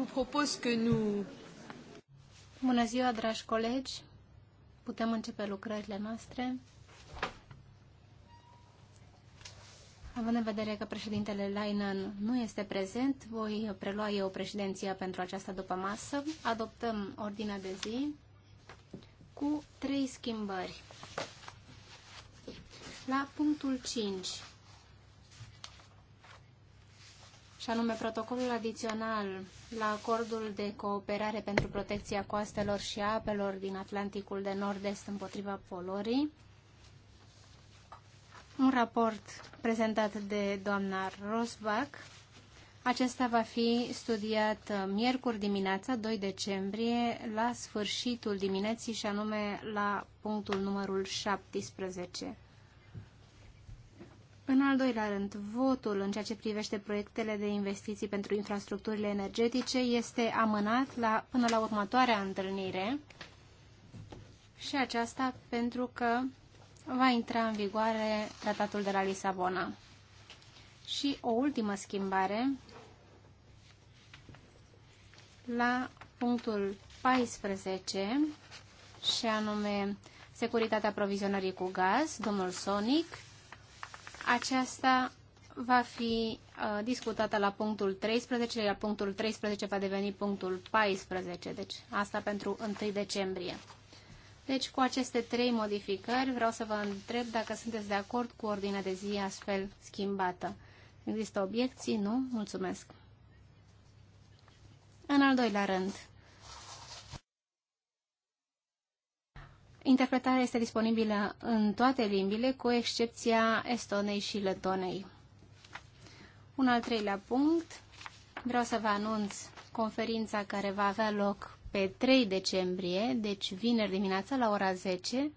vous propose que nous... Bună ziua, dragi colegi! Putem începe lucrările noastre. Având în vedere că președintele Leinen nu este prezent, voi prelua eu președinția pentru această după masă. Adoptăm ordinea de zi cu trei schimbări. La punctul 5 și anume protocolul adițional la acordul de cooperare pentru protecția coastelor și apelor din Atlanticul de Nord-Est împotriva polorii. Un raport prezentat de doamna Rosbach. Acesta va fi studiat uh, miercuri dimineața, 2 decembrie, la sfârșitul dimineții și anume la punctul numărul 17. În al doilea rând, votul în ceea ce privește proiectele de investiții pentru infrastructurile energetice este amânat la, până la următoarea întâlnire și aceasta pentru că va intra în vigoare tratatul de la Lisabona. Și o ultimă schimbare la punctul 14 și anume securitatea provizionării cu gaz, domnul Sonic, aceasta va fi uh, discutată la punctul 13, la punctul 13 va deveni punctul 14, deci asta pentru 1 decembrie. Deci cu aceste trei modificări vreau să vă întreb dacă sunteți de acord cu ordinea de zi astfel schimbată. Există obiecții? Nu? Mulțumesc. În al doilea rând, Interpretarea este disponibilă în toate limbile, cu excepția estonei și letonei. Un al treilea punct. Vreau să vă anunț conferința care va avea loc pe 3 decembrie, deci vineri dimineața la ora 10.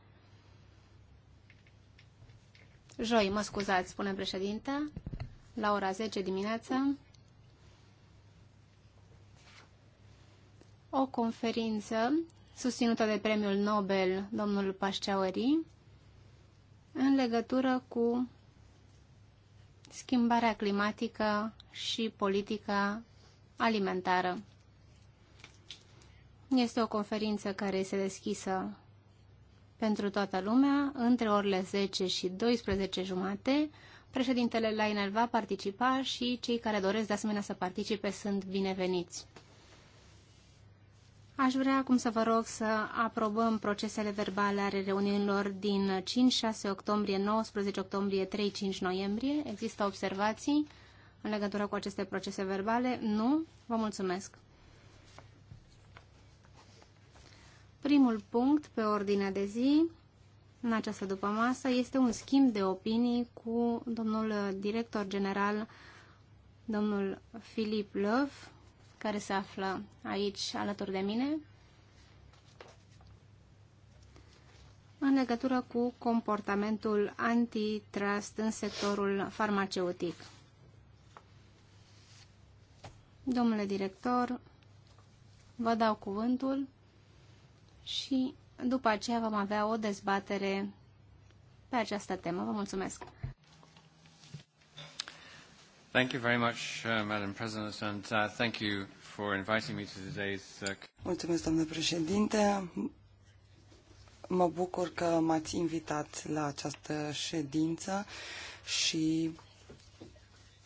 Joi, mă scuzați, spune președinta, la ora 10 dimineața. O conferință susținută de premiul Nobel, domnul Pașceauri, în legătură cu schimbarea climatică și politica alimentară. Este o conferință care este deschisă pentru toată lumea, între orele 10 și 12 jumate. Președintele Lainel va participa și cei care doresc de asemenea să participe sunt bineveniți. Aș vrea acum să vă rog să aprobăm procesele verbale ale reuniunilor din 5-6 octombrie, 19 octombrie, 3-5 noiembrie. Există observații în legătură cu aceste procese verbale? Nu? Vă mulțumesc! Primul punct pe ordinea de zi în această dupămasă este un schimb de opinii cu domnul director general, domnul Filip Love, care se află aici alături de mine în legătură cu comportamentul antitrust în sectorul farmaceutic. Domnule director, vă dau cuvântul și după aceea vom avea o dezbatere pe această temă. Vă mulțumesc! Thank you very much, uh, Madam President, and uh, thank you for inviting me to today's... Uh... Mulțumesc, domnule președinte. Mă bucur că m-ați invitat la această ședință și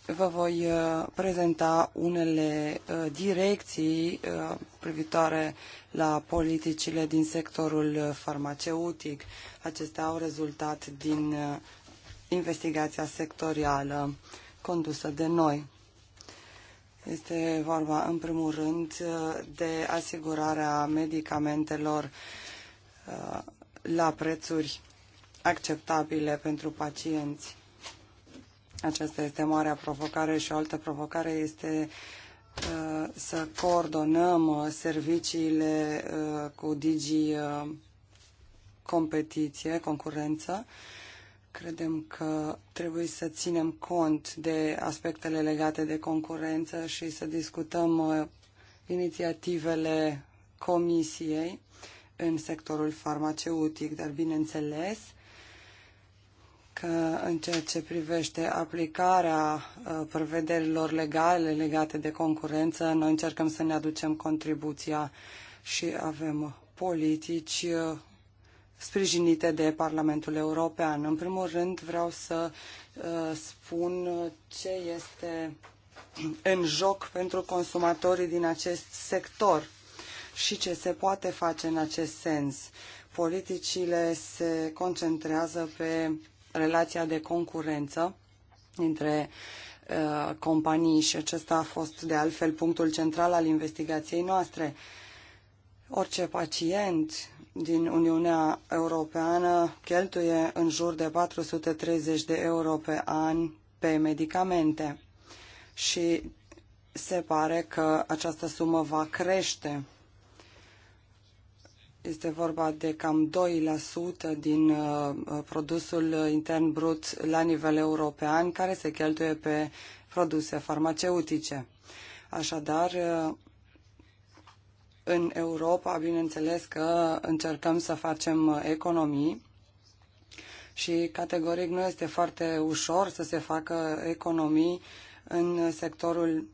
vă voi uh, prezenta unele uh, direcții uh, privitoare la politicile din sectorul farmaceutic. Acestea au rezultat din investigația sectorială condusă de noi. Este vorba, în primul rând, de asigurarea medicamentelor uh, la prețuri acceptabile pentru pacienți. Aceasta este marea provocare și o altă provocare este uh, să coordonăm uh, serviciile cu Digi competiție, concurență Credem că trebuie să ținem cont de aspectele legate de concurență și să discutăm uh, inițiativele Comisiei în sectorul farmaceutic, dar bineînțeles că în ceea ce privește aplicarea uh, prevederilor legale legate de concurență, noi încercăm să ne aducem contribuția și avem politici uh, sprijinite de Parlamentul European. În primul rând vreau să uh, spun ce este în joc pentru consumatorii din acest sector și ce se poate face în acest sens. Politicile se concentrează pe relația de concurență între uh, companii și acesta a fost de altfel punctul central al investigației noastre. Orice pacient din Uniunea Europeană cheltuie în jur de 430 de euro pe an pe medicamente și se pare că această sumă va crește. Este vorba de cam 2% din uh, produsul intern brut la nivel european care se cheltuie pe produse farmaceutice. Așadar, uh, în Europa, bineînțeles că încercăm să facem uh, economii și categoric nu este foarte ușor să se facă economii în sectorul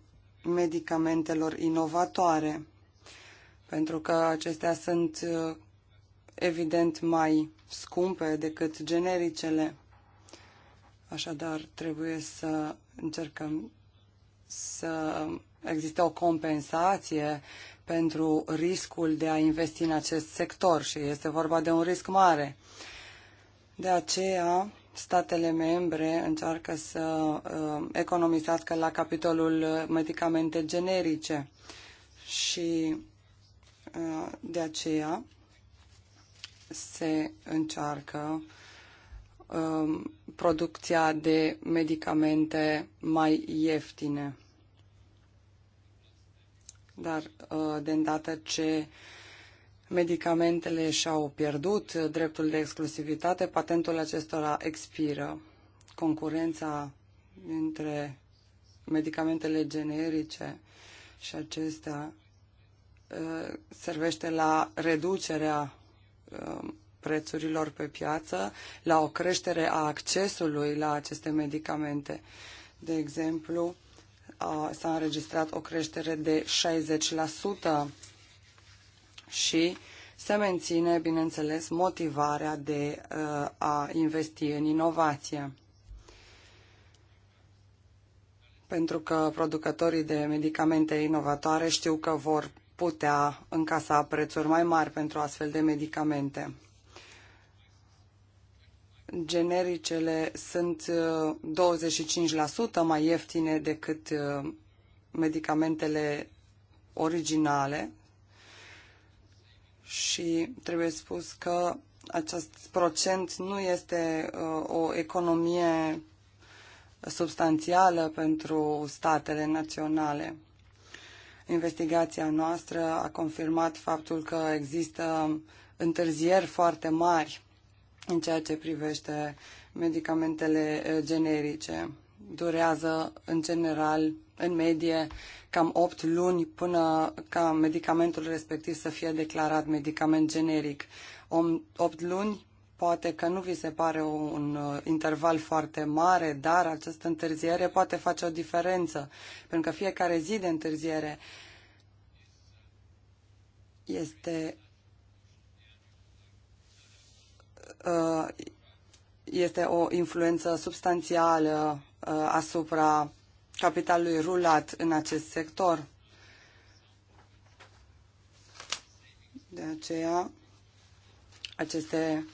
medicamentelor inovatoare, pentru că acestea sunt uh, evident mai scumpe decât genericele. Așadar, trebuie să încercăm să existe o compensație pentru riscul de a investi în acest sector și este vorba de un risc mare. De aceea, statele membre încearcă să uh, economisească la capitolul medicamente generice și uh, de aceea se încearcă uh, producția de medicamente mai ieftine dar uh, de îndată ce medicamentele și-au pierdut dreptul de exclusivitate, patentul acestora expiră. Concurența între medicamentele generice și acestea uh, servește la reducerea uh, prețurilor pe piață, la o creștere a accesului la aceste medicamente. De exemplu, s-a înregistrat o creștere de 60% și se menține, bineînțeles, motivarea de a investi în inovație. Pentru că producătorii de medicamente inovatoare știu că vor putea încasa prețuri mai mari pentru astfel de medicamente genericele sunt 25% mai ieftine decât uh, medicamentele originale și trebuie spus că acest procent nu este uh, o economie substanțială pentru statele naționale. Investigația noastră a confirmat faptul că există întârzieri foarte mari în ceea ce privește medicamentele eh, generice. Durează, în general, în medie, cam 8 luni până ca medicamentul respectiv să fie declarat medicament generic. 8 luni poate că nu vi se pare un eh, interval foarte mare, dar această întârziere poate face o diferență, pentru că fiecare zi de întârziere este Uh, este o influență substanțială uh, asupra capitalului rulat în acest sector. De aceea, aceste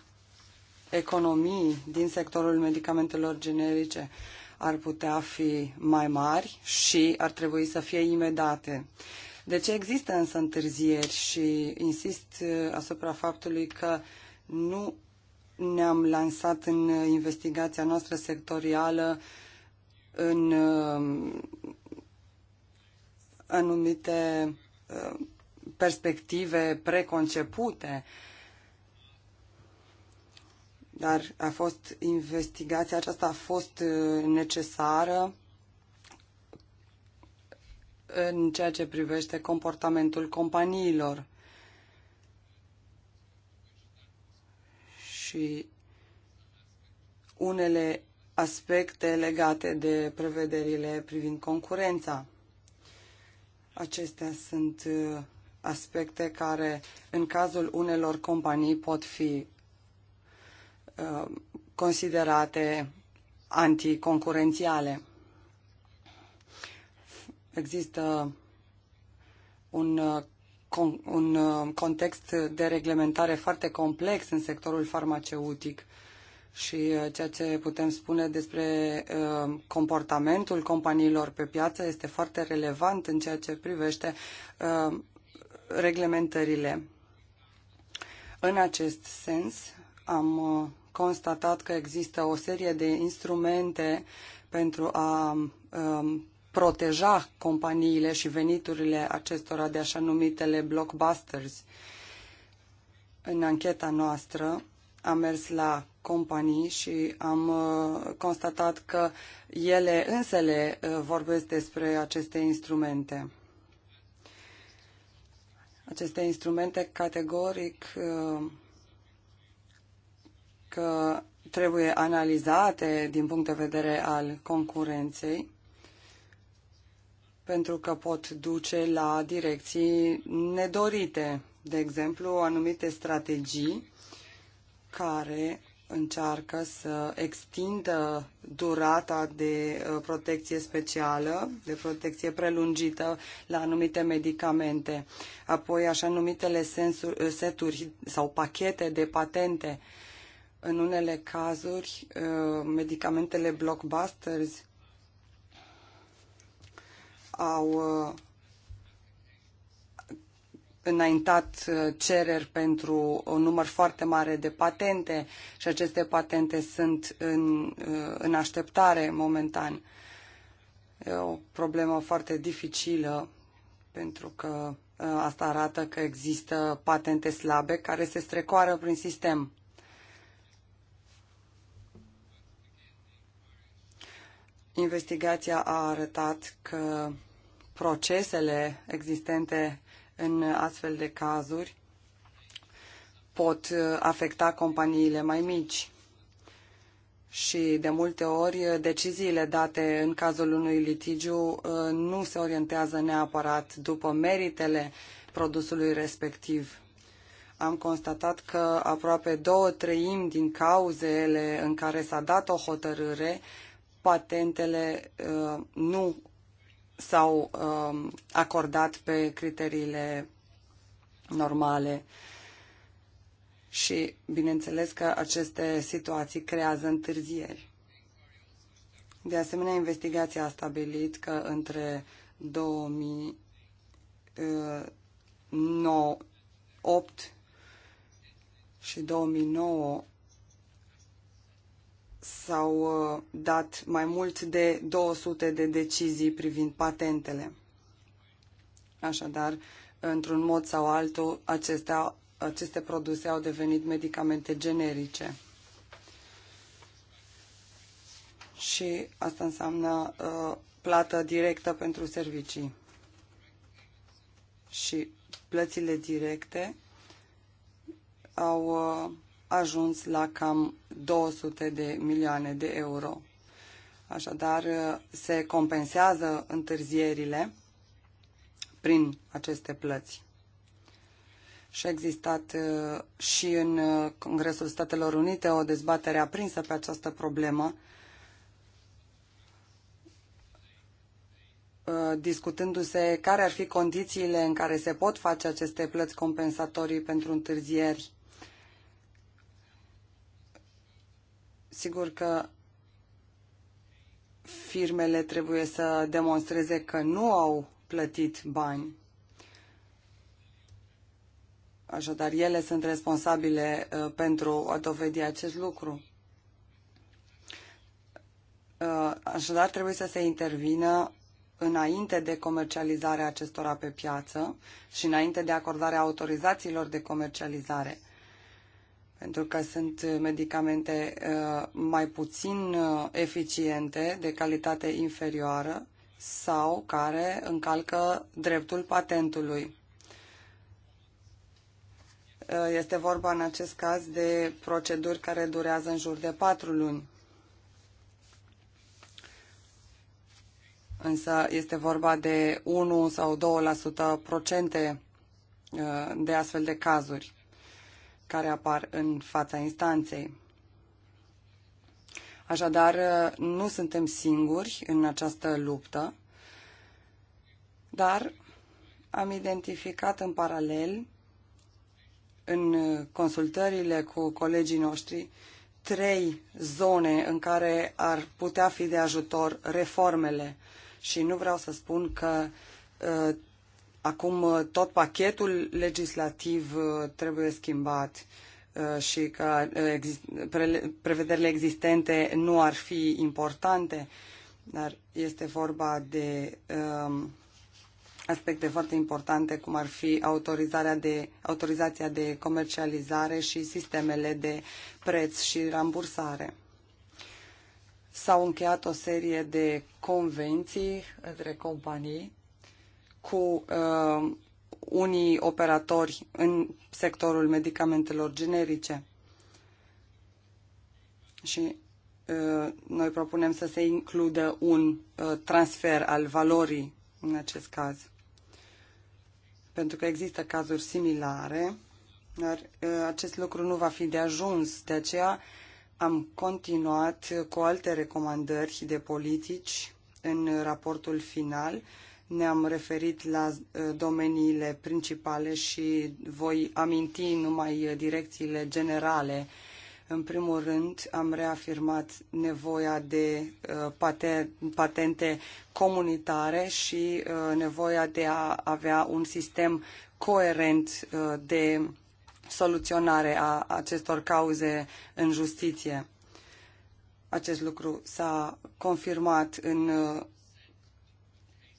economii din sectorul medicamentelor generice ar putea fi mai mari și ar trebui să fie imediate. De ce există însă întârzieri și insist uh, asupra faptului că nu ne-am lansat în investigația noastră sectorială în uh, anumite uh, perspective preconcepute, dar a fost investigația aceasta a fost uh, necesară în ceea ce privește comportamentul companiilor. și unele aspecte legate de prevederile privind concurența. Acestea sunt uh, aspecte care, în cazul unelor companii, pot fi uh, considerate anticoncurențiale. Există un uh, un uh, context de reglementare foarte complex în sectorul farmaceutic și uh, ceea ce putem spune despre uh, comportamentul companiilor pe piață este foarte relevant în ceea ce privește reglementările. În acest sens, am constatat că există o serie de instrumente pentru a um, proteja companiile și veniturile acestora de așa numitele blockbusters. În ancheta noastră am mers la companii și am uh, constatat că ele însele uh, vorbesc despre aceste instrumente. Aceste instrumente categoric uh, că trebuie analizate din punct de vedere al concurenței pentru că pot duce la direcții nedorite, de exemplu, anumite strategii care încearcă să extindă durata de uh, protecție specială, de protecție prelungită la anumite medicamente. Apoi așa numitele sensuri, uh, seturi sau pachete de patente. În unele cazuri, uh, medicamentele blockbusters au uh, înaintat uh, cereri pentru un număr foarte mare de patente și aceste patente sunt în, uh, în așteptare momentan. E o problemă foarte dificilă pentru că asta arată că există patente slabe care se strecoară prin sistem. Investigația a arătat că procesele existente în astfel de cazuri pot uh, afecta companiile mai mici. Și de multe ori deciziile date în cazul unui litigiu uh, nu se orientează neapărat după meritele produsului respectiv. Am constatat că aproape două treimi din cauzele în care s-a dat o hotărâre patentele uh, nu s-au um, acordat pe criteriile normale. Și, bineînțeles, că aceste situații creează întârzieri. De asemenea, investigația a stabilit că între 2008 uh, și 2009 s-au uh, dat mai mult de 200 de decizii privind patentele. Așadar, într-un mod sau altul, acestea, aceste produse au devenit medicamente generice. Și asta înseamnă uh, plată directă pentru servicii. Și plățile directe au uh, ajuns la cam 200 de milioane de euro. Așadar, se compensează întârzierile prin aceste plăți. Și a existat uh, și în uh, Congresul Statelor Unite o dezbatere aprinsă pe această problemă, uh, discutându-se care ar fi condițiile în care se pot face aceste plăți compensatorii pentru întârzieri Sigur că firmele trebuie să demonstreze că nu au plătit bani. Așadar, ele sunt responsabile uh, pentru a dovedi acest lucru. Uh, așadar, trebuie să se intervină înainte de comercializarea acestora pe piață și înainte de acordarea autorizațiilor de comercializare pentru că sunt medicamente uh, mai puțin uh, eficiente, de calitate inferioară sau care încalcă dreptul patentului. Uh, este vorba în acest caz de proceduri care durează în jur de patru luni. Însă este vorba de 1 sau 2% procente de astfel de cazuri care apar în fața instanței. Așadar, nu suntem singuri în această luptă, dar am identificat în paralel, în consultările cu colegii noștri, trei zone în care ar putea fi de ajutor reformele. Și nu vreau să spun că uh, acum uh, tot pachetul legislativ uh, trebuie schimbat uh, și că prevederile existente nu ar fi importante, dar este vorba de um, aspecte foarte importante, cum ar fi autorizarea de, autorizația de comercializare și sistemele de preț și rambursare. S-au încheiat o serie de convenții între companii cu uh, unii operatori în sectorul medicamentelor generice. Și uh, noi propunem să se includă un uh, transfer al valorii în acest caz. Pentru că există cazuri similare, dar uh, acest lucru nu va fi de ajuns. De aceea am continuat cu alte recomandări de politici în raportul final uh, ne-am referit la uh, domeniile principale și voi aminti numai uh, direcțiile generale. În primul rând, am reafirmat nevoia de uh, patente comunitare și nevoia de a avea un sistem coerent de soluționare a acestor cauze în justiție. Acest lucru s-a confirmat în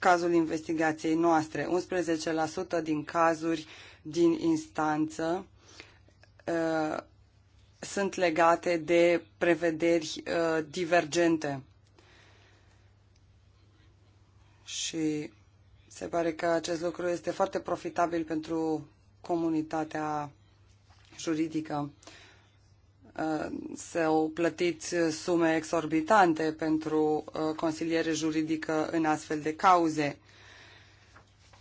cazul investigației noastre. 11% din cazuri din instanță uh, sunt legate de prevederi uh, divergente. Și se pare că acest lucru este foarte profitabil pentru comunitatea juridică să plătiți sume exorbitante pentru uh, consiliere juridică în astfel de cauze.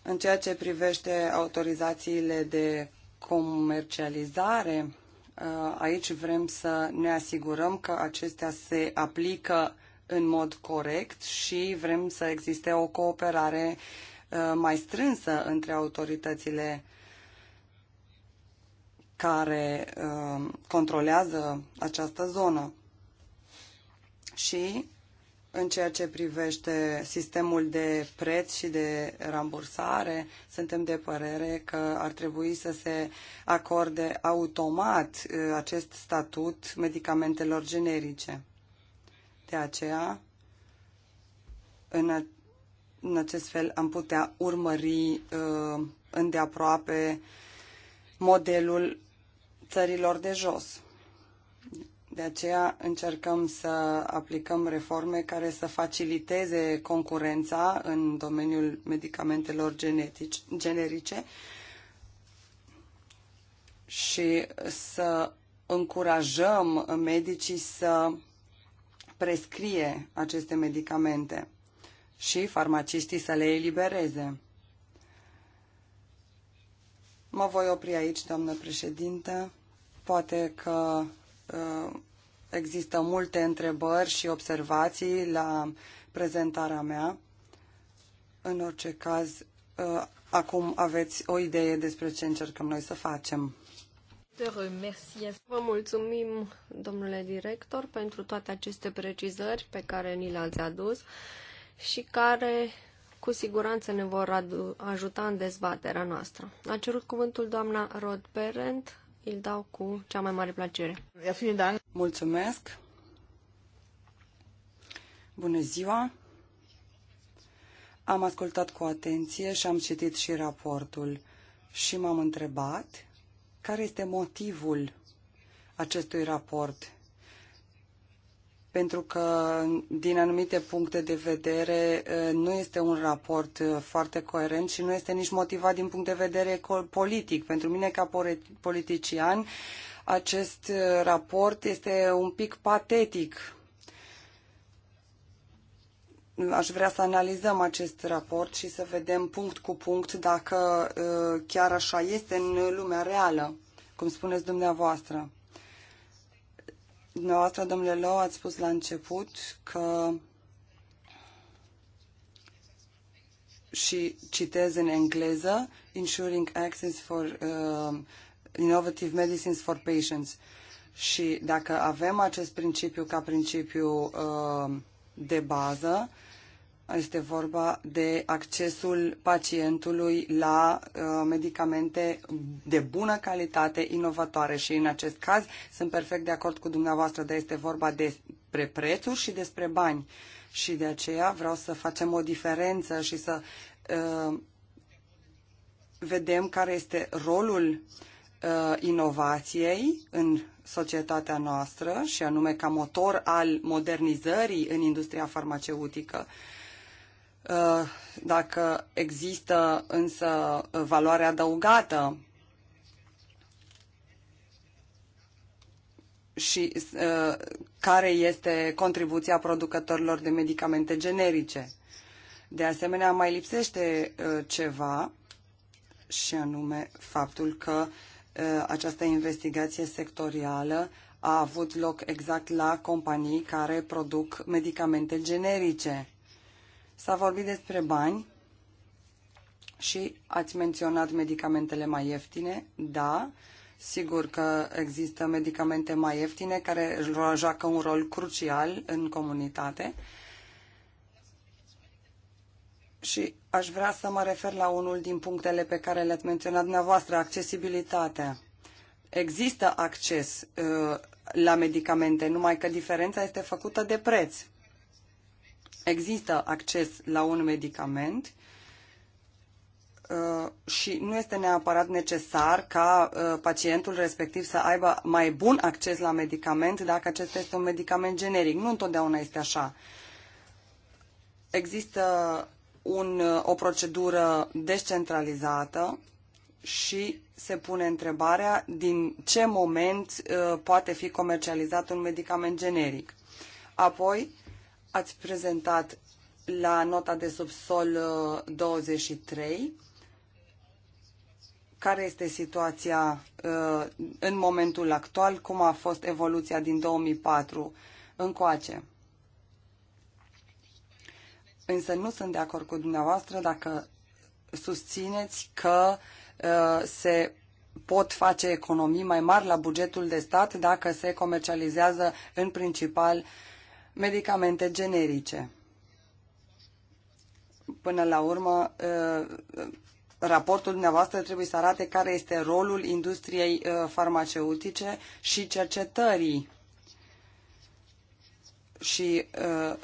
În ceea ce privește autorizațiile de comercializare, uh, aici vrem să ne asigurăm că acestea se aplică în mod corect și vrem să existe o cooperare uh, mai strânsă între autoritățile uh, care uh, controlează această zonă. Și în ceea ce privește sistemul de preț și de rambursare, suntem de părere că ar trebui să se acorde automat uh, acest statut medicamentelor generice. De aceea, în, în acest fel, am putea urmări uh, îndeaproape modelul țărilor de jos. De aceea încercăm să aplicăm reforme care să faciliteze concurența în domeniul medicamentelor genetici, generice și să încurajăm medicii să prescrie aceste medicamente și farmaciștii să le elibereze. Mă voi opri aici, doamnă președintă. Poate că uh, există multe întrebări și observații la prezentarea mea. În orice caz, uh, acum aveți o idee despre ce încercăm noi să facem. Vă mulțumim, domnule director, pentru toate aceste precizări pe care ni le-ați adus și care cu siguranță ne vor ajuta în dezbaterea noastră. A cerut cuvântul doamna Rod Parent, îl dau cu cea mai mare plăcere. Mulțumesc! Bună ziua! Am ascultat cu atenție și am citit și raportul și m-am întrebat care este motivul acestui raport pentru că, din anumite puncte de vedere, nu este un raport foarte coerent și nu este nici motivat din punct de vedere politic. Pentru mine, ca politician, acest raport este un pic patetic. Aș vrea să analizăm acest raport și să vedem punct cu punct dacă chiar așa este în lumea reală, cum spuneți dumneavoastră. Dumneavoastră, domnule Lou, ați spus la început că și citez în engleză Ensuring Access for uh, Innovative Medicines for Patients. Și dacă avem acest principiu ca principiu uh, de bază, uh, este vorba de accesul pacientului la uh, medicamente de bună calitate, inovatoare și în acest caz sunt perfect de acord cu dumneavoastră, dar este vorba despre prețuri și despre bani. Și de aceea vreau să facem o diferență și să uh, vedem care este rolul uh, inovației în societatea noastră și anume ca motor al modernizării în industria farmaceutică. Uh, dacă există însă valoare adăugată și uh, care este contribuția producătorilor de medicamente generice. De asemenea, mai lipsește uh, ceva și anume faptul că această investigație sectorială a avut loc exact la companii care produc medicamente generice. S-a vorbit despre bani și ați menționat medicamentele mai ieftine. Da, sigur că există medicamente mai ieftine care joacă un rol crucial în comunitate. Și aș vrea să mă refer la unul din punctele pe care le-ați menționat dumneavoastră, accesibilitatea. Există acces uh, la medicamente, numai că diferența este făcută de preț există acces la un medicament uh, și nu este neapărat necesar ca uh, pacientul respectiv să aibă mai bun acces la medicament dacă acesta este un medicament generic. Nu întotdeauna este așa. Există un, uh, o procedură descentralizată și se pune întrebarea din ce moment uh, poate fi comercializat un medicament generic. Apoi, ați prezentat la nota de subsol 23, uh, care este situația uh, în momentul actual, cum a fost evoluția din 2004 încoace. Însă nu sunt de acord cu dumneavoastră dacă susțineți că uh, se pot face economii mai mari la bugetul de stat dacă se comercializează în principal uh, medicamente generice. Până la urmă, uh, raportul dumneavoastră trebuie să arate care este rolul industriei uh, farmaceutice și cercetării. Și, uh,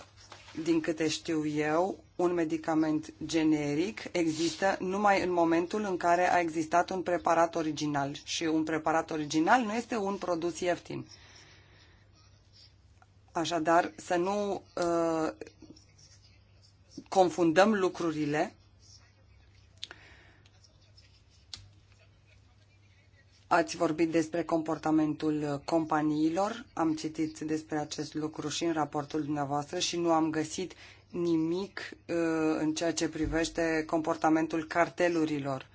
din câte știu eu, un medicament generic există numai în momentul în care a existat un preparat original. Și un preparat original nu este un produs ieftin. Așadar, să nu uh, confundăm lucrurile. Ați vorbit despre comportamentul companiilor, am citit despre acest lucru și în raportul dumneavoastră și nu am găsit nimic uh, în ceea ce privește comportamentul cartelurilor.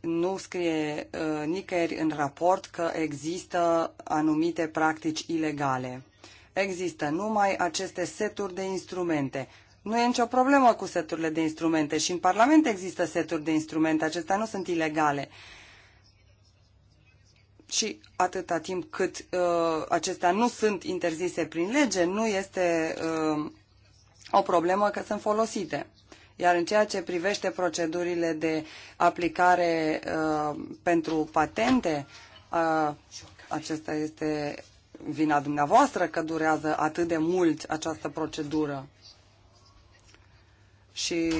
Nu scrie uh, nicăieri în raport că există anumite practici ilegale. Există numai aceste seturi de instrumente. Nu e nicio problemă cu seturile de instrumente și în Parlament există seturi de instrumente, acestea nu sunt ilegale. Și atâta timp cât uh, acestea nu sunt interzise prin lege, nu este uh, o problemă că sunt folosite. Iar în ceea ce privește procedurile de aplicare uh, pentru patente, uh, acesta este vina dumneavoastră că durează atât de mult această procedură. Și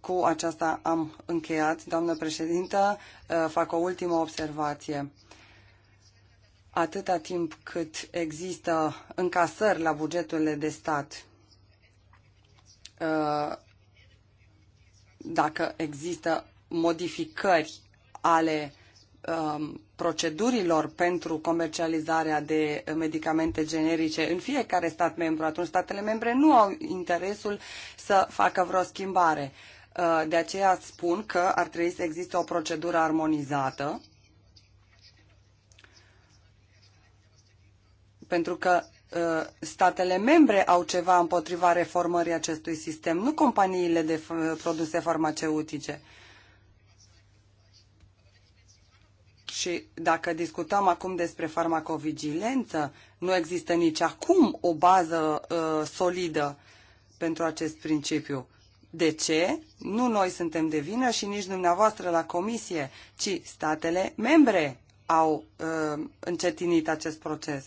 cu aceasta am încheiat, doamnă președintă. Ă, fac o ultimă observație. Atâta timp cât există încasări la bugeturile de stat, ă, dacă există modificări ale Um, procedurilor pentru comercializarea de medicamente generice în fiecare stat membru, atunci statele membre nu au interesul să facă vreo schimbare. Uh, de aceea spun că ar trebui să existe o procedură armonizată, pentru că uh, statele membre au ceva împotriva reformării acestui sistem, nu companiile de produse farmaceutice. Și dacă discutăm acum despre farmacovigilență, nu există nici acum o bază uh, solidă pentru acest principiu. De ce? Nu noi suntem de vină și nici dumneavoastră la comisie, ci statele membre au uh, încetinit acest proces.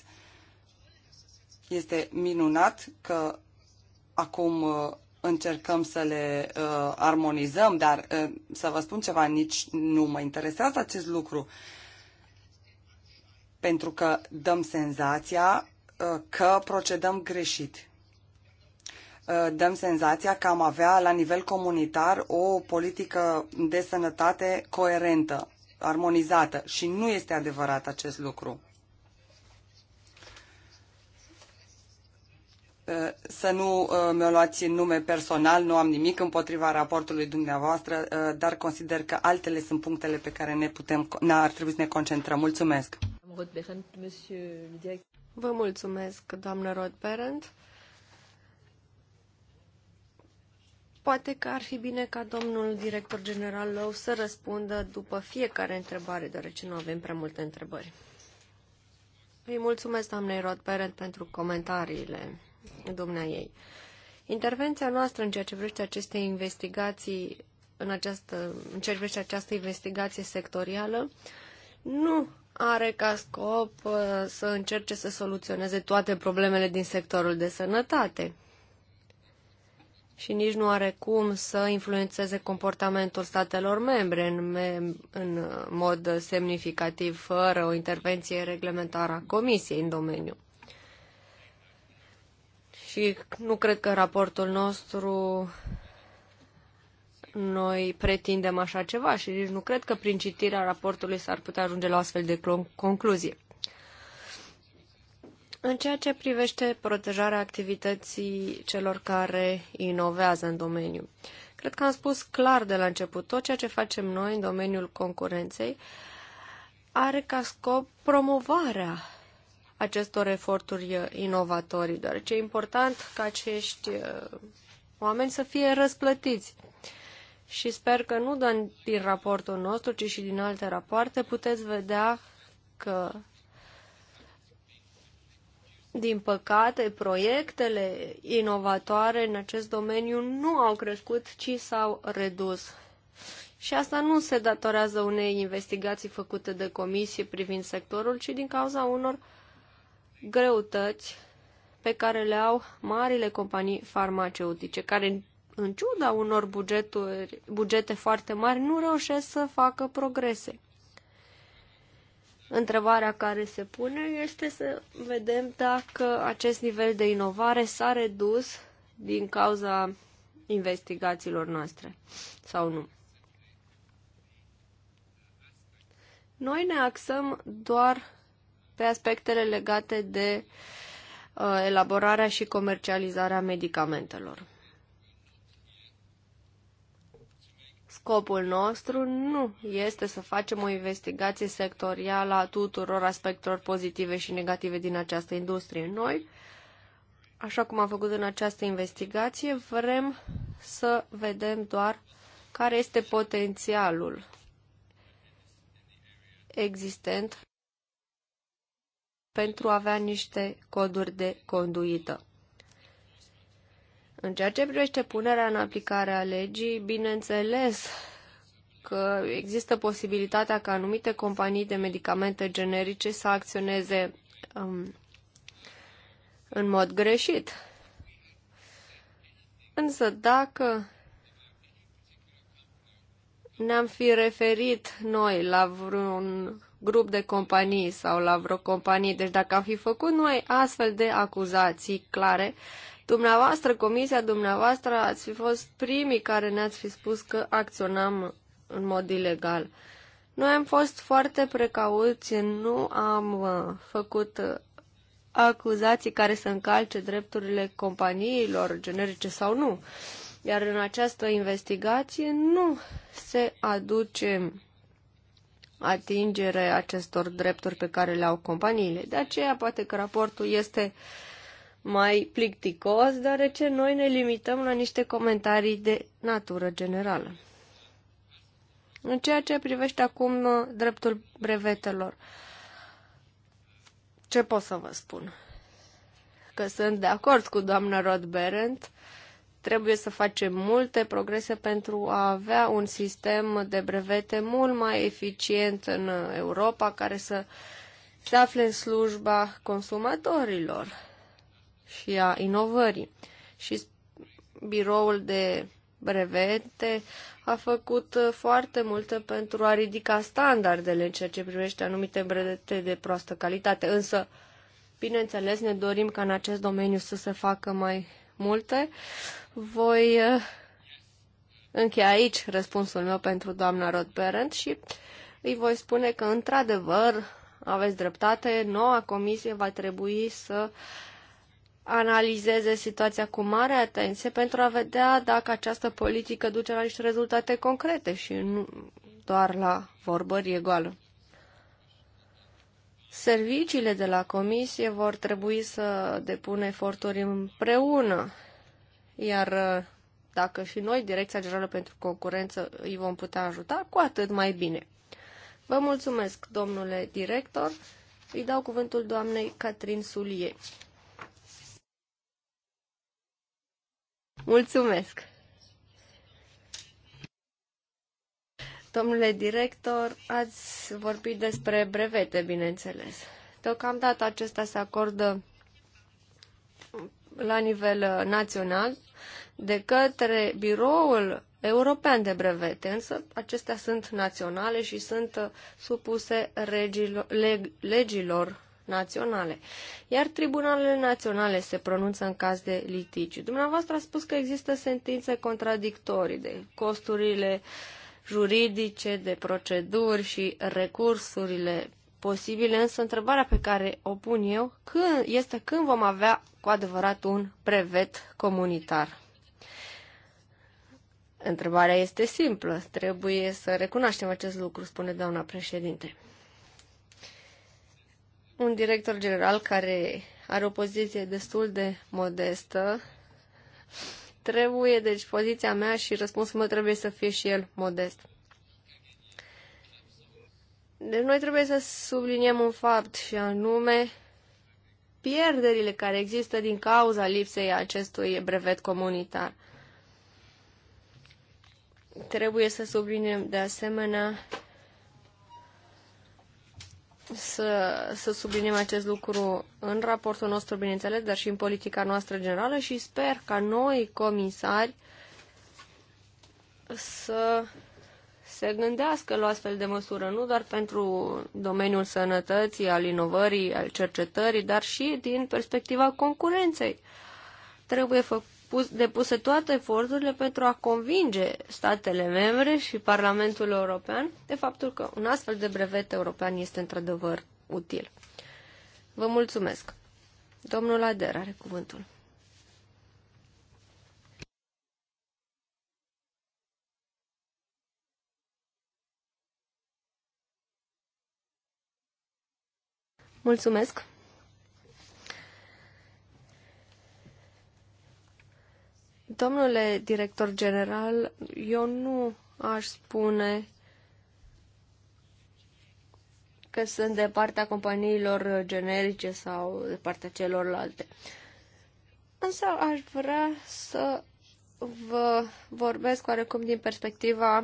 Este minunat că acum uh, încercăm să le uh, armonizăm, dar uh, să vă spun ceva, nici nu mă interesează acest lucru. Uh, pentru că dăm senzația uh, că procedăm greșit. Uh, dăm senzația că am avea la nivel comunitar o politică de sănătate coerentă, armonizată și nu este adevărat acest lucru. Uh, să nu mi-o luați în nume personal, nu am nimic împotriva raportului dumneavoastră, dar consider că altele sunt punctele pe care ne putem, ar trebui să ne concentrăm. Mulțumesc! monsieur le directeur. Vă mulțumesc, doamnă roth Poate că ar fi bine ca domnul director general Lău să răspundă după fiecare întrebare, deoarece nu avem prea multe întrebări. Îi mulțumesc doamnei Rodberent pentru comentariile dumnea ei. Intervenția noastră în ceea ce privește aceste investigații, în, această, în ceea ce privește această investigație sectorială, nu are ca scop uh, să încerce să soluționeze toate problemele din sectorul de sănătate și nici nu are cum să influențeze comportamentul statelor membre în, în mod semnificativ fără o intervenție reglementară a Comisiei în domeniu. Și nu cred că raportul nostru noi pretindem așa ceva și nici nu cred că prin citirea raportului s-ar putea ajunge la astfel de concluzie. În ceea ce privește protejarea activității celor care inovează în domeniu, cred că am spus clar de la început, tot ceea ce facem noi în domeniul concurenței are ca scop promovarea acestor eforturi inovatorii, deoarece e important ca acești uh, oameni să fie răsplătiți și sper că nu doar din raportul nostru, ci și din alte rapoarte puteți vedea că din păcate, proiectele inovatoare în acest domeniu nu au crescut, ci s-au redus. Și asta nu se datorează unei investigații făcute de comisie privind sectorul, ci din cauza unor greutăți pe care le au marile companii farmaceutice, care în ciuda unor bugeturi, bugete foarte mari, nu reușesc să facă progrese. Întrebarea care se pune este să vedem dacă acest nivel de inovare s-a redus din cauza investigațiilor noastre sau nu. Noi ne axăm doar pe aspectele legate de uh, elaborarea și comercializarea medicamentelor. Scopul nostru nu este să facem o investigație sectorială a tuturor aspectelor pozitive și negative din această industrie. Noi, așa cum am făcut în această investigație, vrem să vedem doar care este potențialul existent pentru a avea niște coduri de conduită. În ceea ce privește punerea în aplicare a legii, bineînțeles că există posibilitatea ca anumite companii de medicamente generice să acționeze um, în mod greșit. Însă dacă ne-am fi referit noi la vreun grup de companii sau la vreo companie, deci dacă am fi făcut noi astfel de acuzații clare, uh, Dumneavoastră, comisia dumneavoastră, ați fi fost primii care ne-ați fi spus că acționam în mod ilegal. Noi am fost foarte precauți, nu am uh, făcut uh, acuzații care să încalce drepturile companiilor generice sau nu. Iar în această investigație nu se aduce atingere acestor drepturi pe care le au companiile. De aceea, poate că raportul este uh, mai plicticos, deoarece noi ne limităm la niște comentarii de natură generală. În ceea ce privește acum uh, dreptul brevetelor, ce pot să vă spun? Că sunt de acord cu doamna Rod Berendt, trebuie să facem multe progrese pentru a avea un sistem de brevete mult mai eficient în Europa, care să se afle în slujba consumatorilor și a inovării. Și biroul de brevete a făcut uh, foarte multe pentru a ridica standardele în ceea ce privește anumite brevete de proastă calitate. Însă, bineînțeles, ne dorim ca în acest domeniu să se facă mai multe. Voi uh, încheia aici răspunsul meu pentru doamna Rodberent și îi voi spune că, într-adevăr, aveți dreptate, noua comisie va trebui să uh, analizeze situația cu mare atenție pentru a vedea dacă această politică duce la niște rezultate concrete și nu doar la vorbări egală. Serviciile de la comisie vor trebui să depună eforturi împreună, iar uh, dacă și noi, Direcția Generală pentru Concurență, îi vom putea ajuta, cu atât mai bine. Vă mulțumesc, domnule director. Îi dau cuvântul doamnei Catrin Sulie. Mulțumesc! Domnule director, ați vorbit despre brevete, bineînțeles. Deocamdată acesta se acordă la nivel uh, național de către biroul european de brevete, însă acestea sunt naționale și sunt uh, supuse regilor, leg, legilor naționale. Iar tribunalele naționale se pronunță în caz de litigiu. Dumneavoastră a spus că există sentințe contradictorii de costurile juridice, de proceduri și recursurile posibile, însă întrebarea pe care o pun eu când, este când vom avea cu adevărat un brevet comunitar. Întrebarea este simplă. Trebuie să recunoaștem acest lucru, spune doamna președinte un director general care are o poziție destul de modestă. Trebuie, deci, poziția mea și răspunsul meu trebuie să fie și el modest. Deci noi trebuie să subliniem un fapt și anume pierderile care există din cauza lipsei acestui brevet comunitar. Trebuie să subliniem de asemenea să, să subliniem acest lucru în raportul nostru, bineînțeles, dar și în politica noastră generală și sper ca noi, comisari, să se gândească la astfel de măsură, nu doar pentru domeniul sănătății, al inovării, al cercetării, dar și din perspectiva concurenței. Trebuie făcut depuse toate eforturile pentru a convinge statele membre și Parlamentul European de faptul că un astfel de brevet european este într-adevăr util. Vă mulțumesc. Domnul Ader are cuvântul. Mulțumesc. Domnule director general, eu nu aș spune că sunt de partea companiilor generice sau de partea celorlalte. Însă aș vrea să vă vorbesc oarecum din perspectiva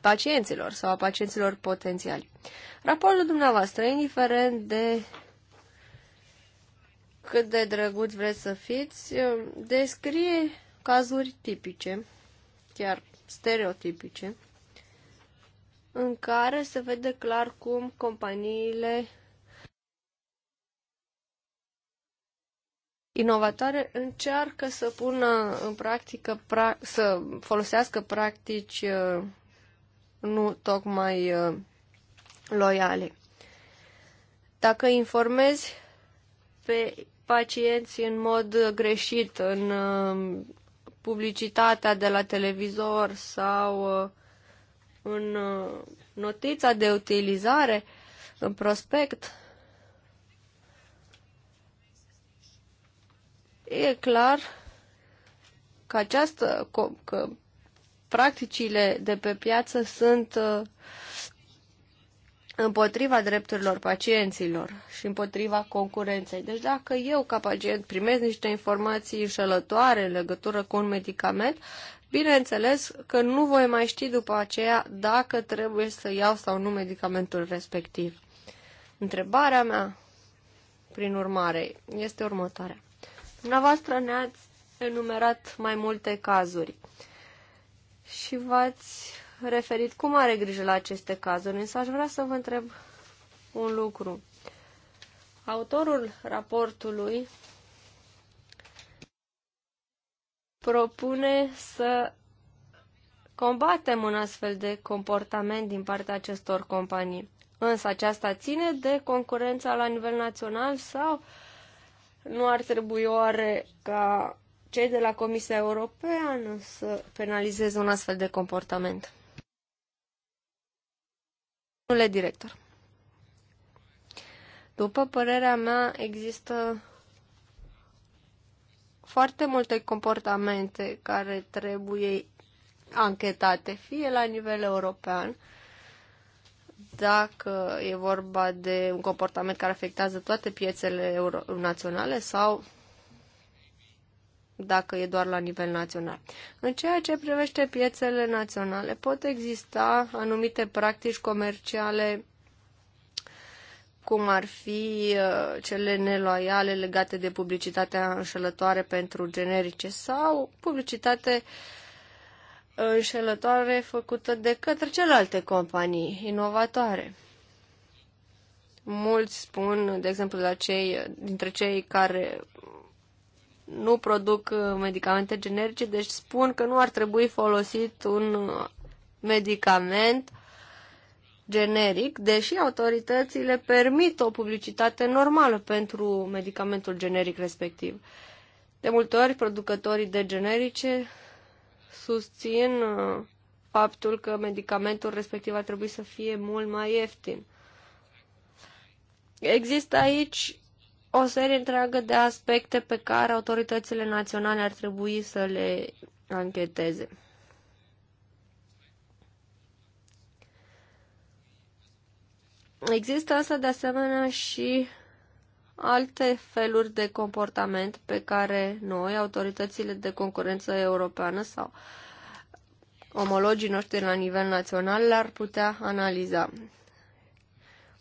pacienților sau a pacienților potențiali. Raportul dumneavoastră, indiferent de cât de drăguți vreți să fiți, descrie cazuri tipice, chiar stereotipice, în care se vede clar cum companiile inovatoare încearcă să pună în practică, pra- să folosească practici uh, nu tocmai uh, loiale. Dacă informezi pe pacienții în mod greșit în uh, publicitatea de la televizor sau uh, în uh, notița de utilizare, în prospect. E clar că această că practicile de pe piață sunt uh, împotriva drepturilor pacienților și împotriva concurenței. Deci dacă eu, ca pacient, primesc niște informații înșelătoare în legătură cu un medicament, bineînțeles că nu voi mai ști după aceea dacă trebuie să iau sau nu medicamentul respectiv. Întrebarea mea, prin urmare, este următoarea. Dumneavoastră ne-ați enumerat mai multe cazuri și v-ați referit cum are grijă la aceste cazuri, însă aș vrea să vă întreb un lucru. Autorul raportului propune să combatem un astfel de comportament din partea acestor companii. Însă aceasta ține de concurența la nivel național sau nu ar trebui oare ca cei de la Comisia Europeană să penalizeze un astfel de comportament? Domnule director, după părerea mea, există foarte multe comportamente care trebuie anchetate, fie la nivel european, dacă e vorba de un comportament care afectează toate piețele naționale sau dacă e doar la nivel național. În ceea ce privește piețele naționale, pot exista anumite practici comerciale cum ar fi uh, cele neloiale legate de publicitatea înșelătoare pentru generice sau publicitate uh, înșelătoare făcută de către celelalte companii inovatoare. Mulți spun, de exemplu, la cei, dintre cei care nu produc uh, medicamente generice, deci spun că nu ar trebui folosit un uh, medicament generic, deși autoritățile permit o publicitate normală pentru medicamentul generic respectiv. De multe ori, producătorii de generice susțin uh, faptul că medicamentul respectiv ar trebui să fie mult mai ieftin. Există aici o serie întreagă de aspecte pe care autoritățile naționale ar trebui să le ancheteze. Există însă de asemenea și alte feluri de comportament pe care noi, autoritățile de concurență europeană sau omologii noștri la nivel național, le-ar putea analiza.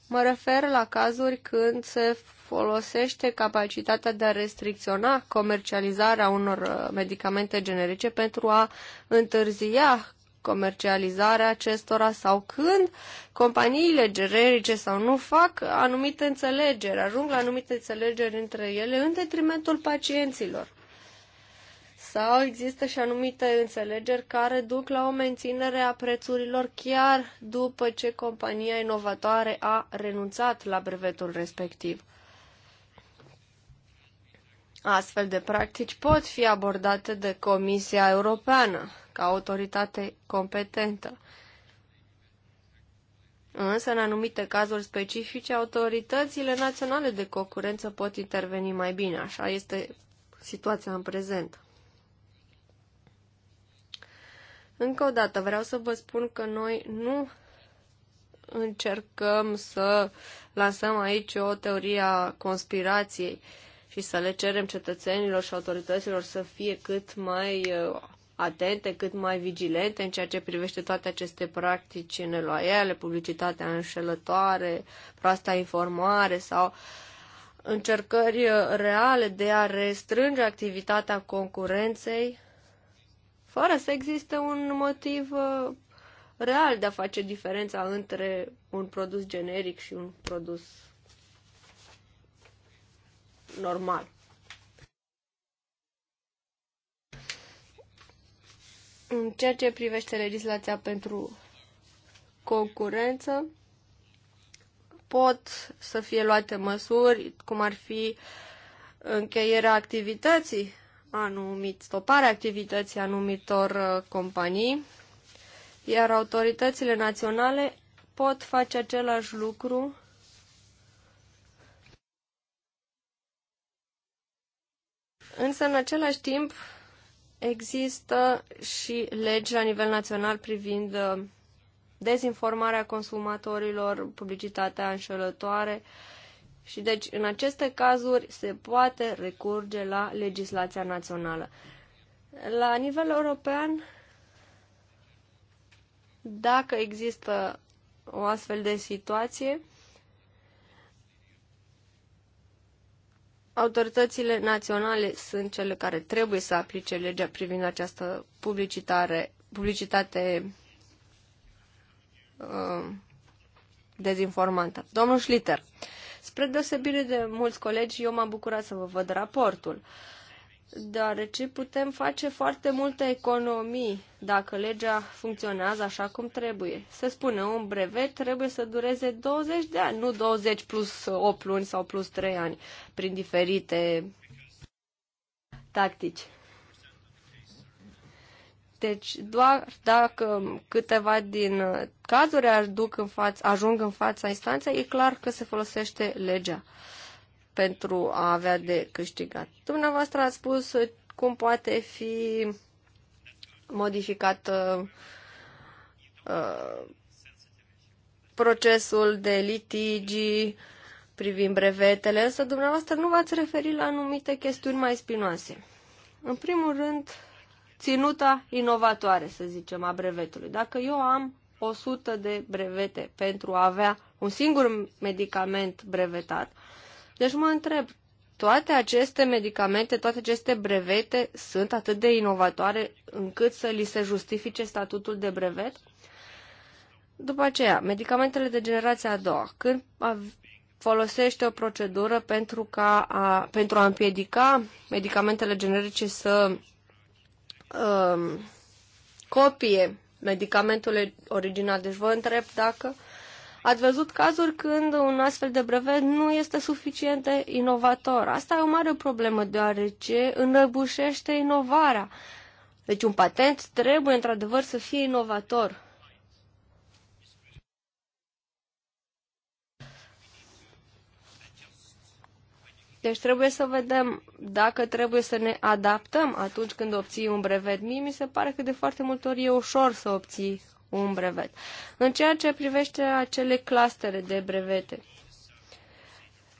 Mă refer la cazuri când se folosește capacitatea de a restricționa comercializarea unor uh, medicamente generice pentru a întârzia comercializarea acestora sau când companiile generice sau nu fac anumite înțelegeri, ajung la anumite înțelegeri între ele în detrimentul pacienților. Sau există și anumite înțelegeri care duc la o menținere a prețurilor chiar după ce compania inovatoare a renunțat la brevetul respectiv. Astfel de practici pot fi abordate de Comisia Europeană ca autoritate competentă. Însă, în anumite cazuri specifice, autoritățile naționale de concurență pot interveni mai bine. Așa este situația în prezent. Încă o dată, vreau să vă spun că noi nu încercăm să lansăm aici o teorie a conspirației. Uh, și să le cerem cetățenilor și autorităților să fie cât mai uh, atente, cât mai vigilente în ceea ce privește toate aceste practici neloiale, publicitatea înșelătoare, proasta informare sau încercări uh, reale de a restrânge activitatea concurenței fără să existe un motiv uh, real de a face diferența între un produs generic și un produs normal. În ceea ce privește legislația pentru concurență, pot să fie luate măsuri, cum ar fi încheierea activității anumit, stoparea activității anumitor uh, companii, iar autoritățile naționale pot face același lucru Însă, în același timp, există și legi la nivel național privind uh, dezinformarea consumatorilor, publicitatea înșelătoare și deci în aceste cazuri se poate recurge la legislația națională. La nivel european, dacă există o astfel de situație, autoritățile naționale sunt cele care trebuie să aplice legea privind această publicitare, publicitate uh, dezinformantă. Domnul Schlitter, spre deosebire de mulți colegi, eu m-am bucurat să vă văd raportul. Uh, deoarece putem face foarte multe economii dacă legea funcționează așa cum trebuie. Se spune, un brevet trebuie să dureze 20 de ani, nu 20 plus 8 luni sau plus 3 ani, prin diferite tactici. Deci, doar dacă câteva din cazuri ajung în fața instanței, e clar că se folosește legea pentru a avea de câștigat. Dumneavoastră ați spus cum poate fi modificat uh, procesul de litigi privind brevetele, însă dumneavoastră nu v-ați referit la anumite chestiuni mai spinoase. În primul rând, ținuta inovatoare, să zicem, a brevetului. Dacă eu am 100 de brevete pentru a avea un singur medicament brevetat, deci mă întreb, toate aceste medicamente, toate aceste brevete sunt atât de inovatoare încât să li se justifice statutul de brevet? După aceea, medicamentele de generația a doua. Când folosește o procedură pentru, ca a, pentru a împiedica medicamentele generice să um, copie medicamentul original. Deci vă întreb dacă Ați văzut cazuri când un astfel de brevet nu este suficient de inovator. Asta e o mare problemă, deoarece înăbușește inovarea. Deci un patent trebuie într-adevăr să fie inovator. Deci trebuie să vedem dacă trebuie să ne adaptăm atunci când obții un brevet. Mie mi se pare că de foarte multe ori e ușor să obții un brevet. În ceea ce privește acele clustere de brevete,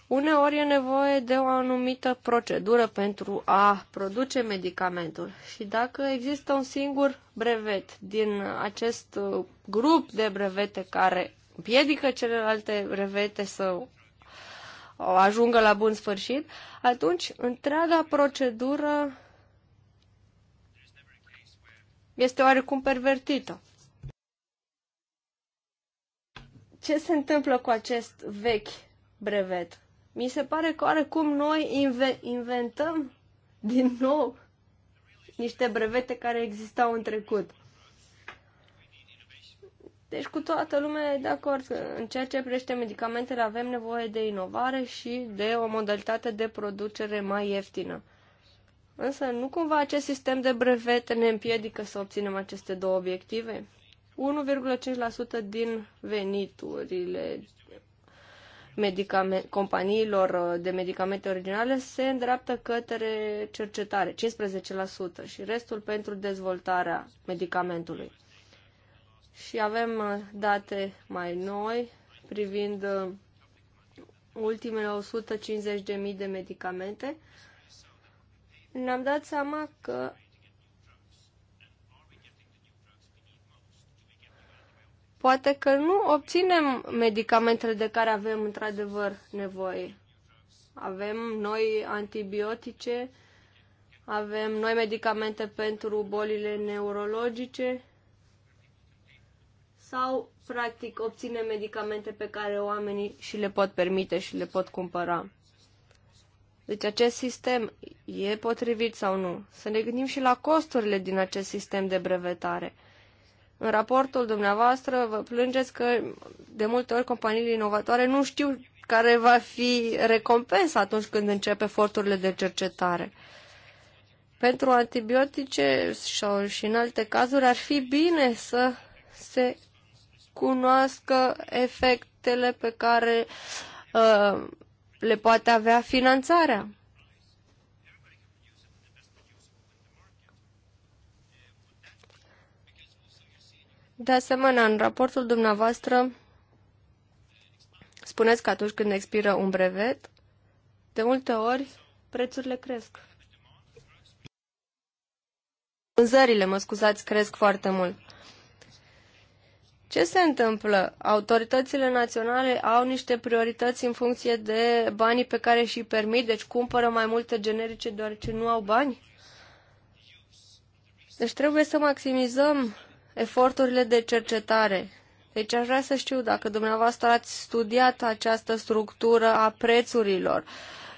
Uneori e nevoie de o anumită procedură pentru a produce medicamentul și dacă există un singur brevet din acest grup de brevete care împiedică celelalte brevete să ajungă la bun sfârșit, atunci întreaga procedură este oarecum pervertită. ce se întâmplă cu acest vechi brevet? Mi se pare că oarecum noi inve- inventăm din nou niște brevete care existau în trecut. Deci cu toată lumea e de acord că în ceea ce privește medicamentele avem nevoie de inovare și de o modalitate de producere mai ieftină. Însă nu cumva acest sistem de brevete ne împiedică să obținem aceste două obiective? 1,5% din veniturile companiilor uh, de medicamente originale se îndreaptă către cercetare, 15%, și restul pentru dezvoltarea medicamentului. Și avem uh, date mai noi privind uh, ultimele 150.000 de medicamente. Ne-am dat seama că poate că nu obținem medicamentele de care avem într-adevăr nevoie. Avem noi antibiotice, avem noi medicamente pentru bolile neurologice sau, practic, obținem medicamente pe care oamenii și le pot permite și le pot cumpăra. Deci acest sistem e potrivit sau nu? Să ne gândim și la costurile din acest sistem de brevetare – în raportul dumneavoastră vă plângeți că de multe ori companiile inovatoare nu știu care va fi recompensa atunci când începe eforturile de cercetare. Pentru antibiotice sau și în alte cazuri ar fi bine să se cunoască efectele pe care uh, le poate avea finanțarea. De asemenea, în raportul dumneavoastră spuneți că atunci când expiră un brevet, de multe ori prețurile cresc. Vânzările, mă scuzați, cresc foarte mult. Ce se întâmplă? Autoritățile naționale au niște priorități în funcție de banii pe care și permit, deci cumpără mai multe generice deoarece nu au bani? Deci trebuie să maximizăm eforturile de cercetare. Deci aș vrea să știu dacă dumneavoastră ați studiat această structură a prețurilor,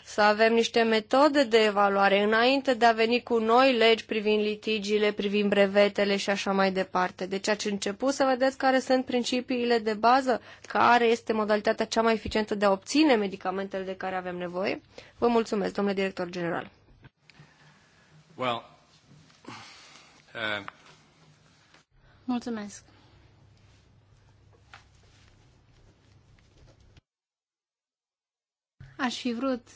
să avem niște metode de evaluare înainte de a veni cu noi legi privind litigiile, privind brevetele și așa mai departe. Deci ați început să vedeți care sunt principiile de bază, care este modalitatea cea mai eficientă de a obține medicamentele de care avem nevoie. Vă mulțumesc, domnule director general. Well, uh... Mulțumesc! Aș fi vrut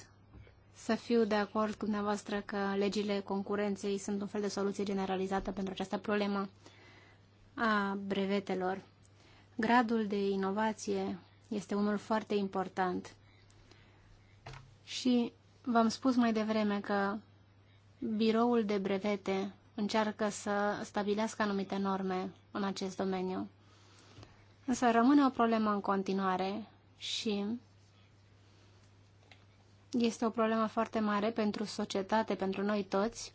să fiu de acord cu dumneavoastră că legile concurenței sunt un fel de soluție generalizată pentru această problemă a brevetelor. Gradul de inovație este unul foarte important. Și v-am spus mai devreme că biroul de brevete încearcă să stabilească anumite norme în acest domeniu. Însă rămâne o problemă în continuare și este o problemă foarte mare pentru societate, pentru noi toți.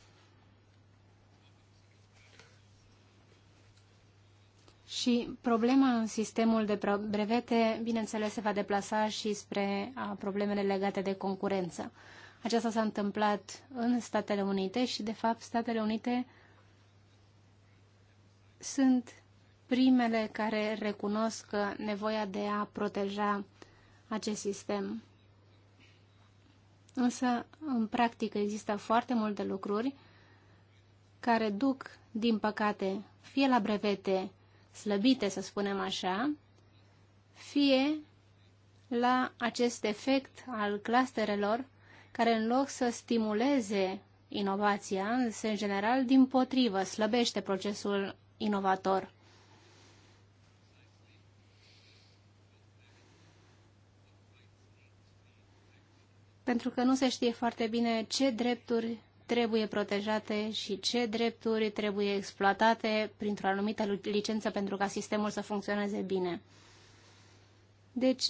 Și problema în sistemul de brevete, bineînțeles, se va deplasa și spre problemele legate de concurență. Aceasta s-a întâmplat în Statele Unite și, de fapt, Statele Unite sunt primele care recunosc nevoia de a proteja acest sistem. Însă, în practică, există foarte multe lucruri care duc, din păcate, fie la brevete slăbite, să spunem așa, fie la acest efect al clusterelor, care în loc să stimuleze inovația, în sens general, din potrivă, slăbește procesul inovator. Pentru că nu se știe foarte bine ce drepturi trebuie protejate și ce drepturi trebuie exploatate printr-o anumită licență pentru ca sistemul să funcționeze bine. Deci,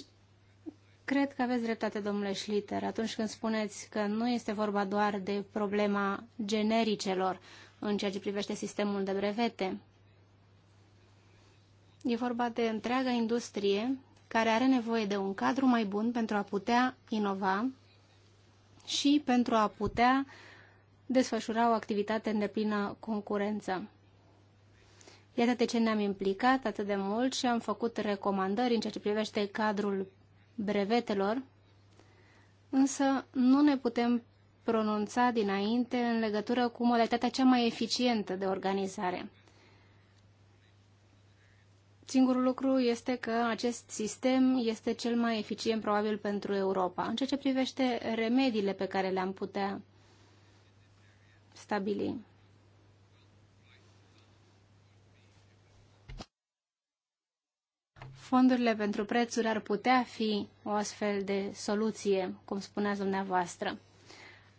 cred că aveți dreptate, domnule Schlitter, atunci când spuneți că nu este vorba doar de problema genericelor în ceea ce privește sistemul de brevete. E vorba de întreaga industrie care are nevoie de un cadru mai bun pentru a putea inova și pentru a putea desfășura o activitate în deplină concurență. Iată de ce ne-am implicat atât de mult și am făcut recomandări în ceea ce privește cadrul brevetelor, însă nu ne putem pronunța dinainte în legătură cu modalitatea cea mai eficientă de organizare. Singurul lucru este că acest sistem este cel mai eficient probabil pentru Europa. În ceea ce privește remediile pe care le-am putea stabili. Fondurile pentru prețuri ar putea fi o astfel de soluție, cum spuneați dumneavoastră.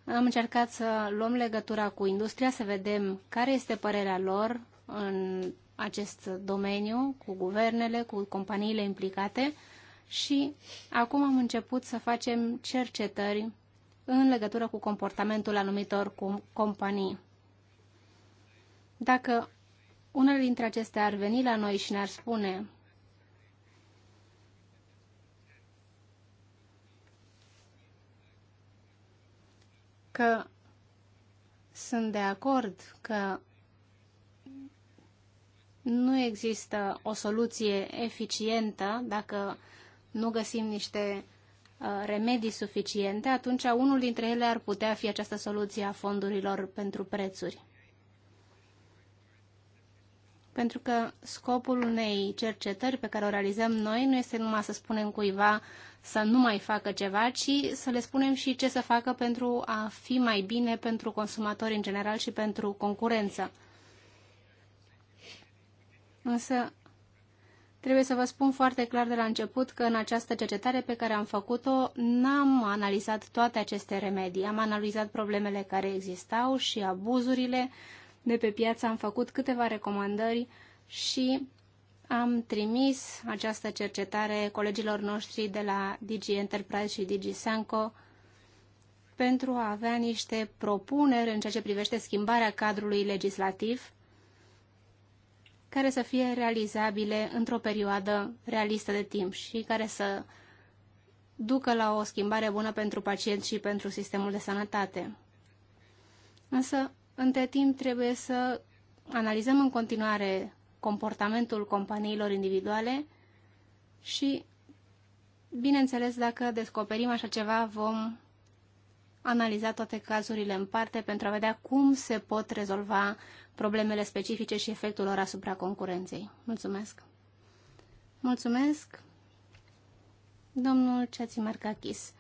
Am încercat să luăm legătura cu industria, să vedem care este părerea lor în acest domeniu, cu guvernele, cu companiile implicate și acum am început să facem cercetări în legătură cu comportamentul anumitor companii. Dacă unul dintre acestea ar veni la noi și ne-ar spune că sunt de acord că nu există o soluție eficientă dacă nu găsim niște uh, remedii suficiente, atunci unul dintre ele ar putea fi această soluție a fondurilor pentru prețuri. Pentru că scopul unei cercetări pe care o realizăm noi nu este numai să spunem cuiva să nu mai facă ceva, ci să le spunem și ce să facă pentru a fi mai bine pentru consumatori în general și pentru concurență. Însă Trebuie să vă spun foarte clar de la început că în această cercetare pe care am făcut-o n-am analizat toate aceste remedii. Am analizat problemele care existau și abuzurile de pe piață, am făcut câteva recomandări și am trimis această cercetare colegilor noștri de la Digi Enterprise și Digi Sanco pentru a avea niște propuneri în ceea ce privește schimbarea cadrului legislativ care să fie realizabile într-o perioadă realistă de timp și care să ducă la o schimbare bună pentru pacient și pentru sistemul de sănătate. Însă, între timp, trebuie să analizăm în continuare comportamentul companiilor individuale și, bineînțeles, dacă descoperim așa ceva, vom analiza toate cazurile în parte pentru a vedea cum se pot rezolva problemele specifice și efectul lor asupra concurenței. Mulțumesc! Mulțumesc, domnul Ceați Marcachis.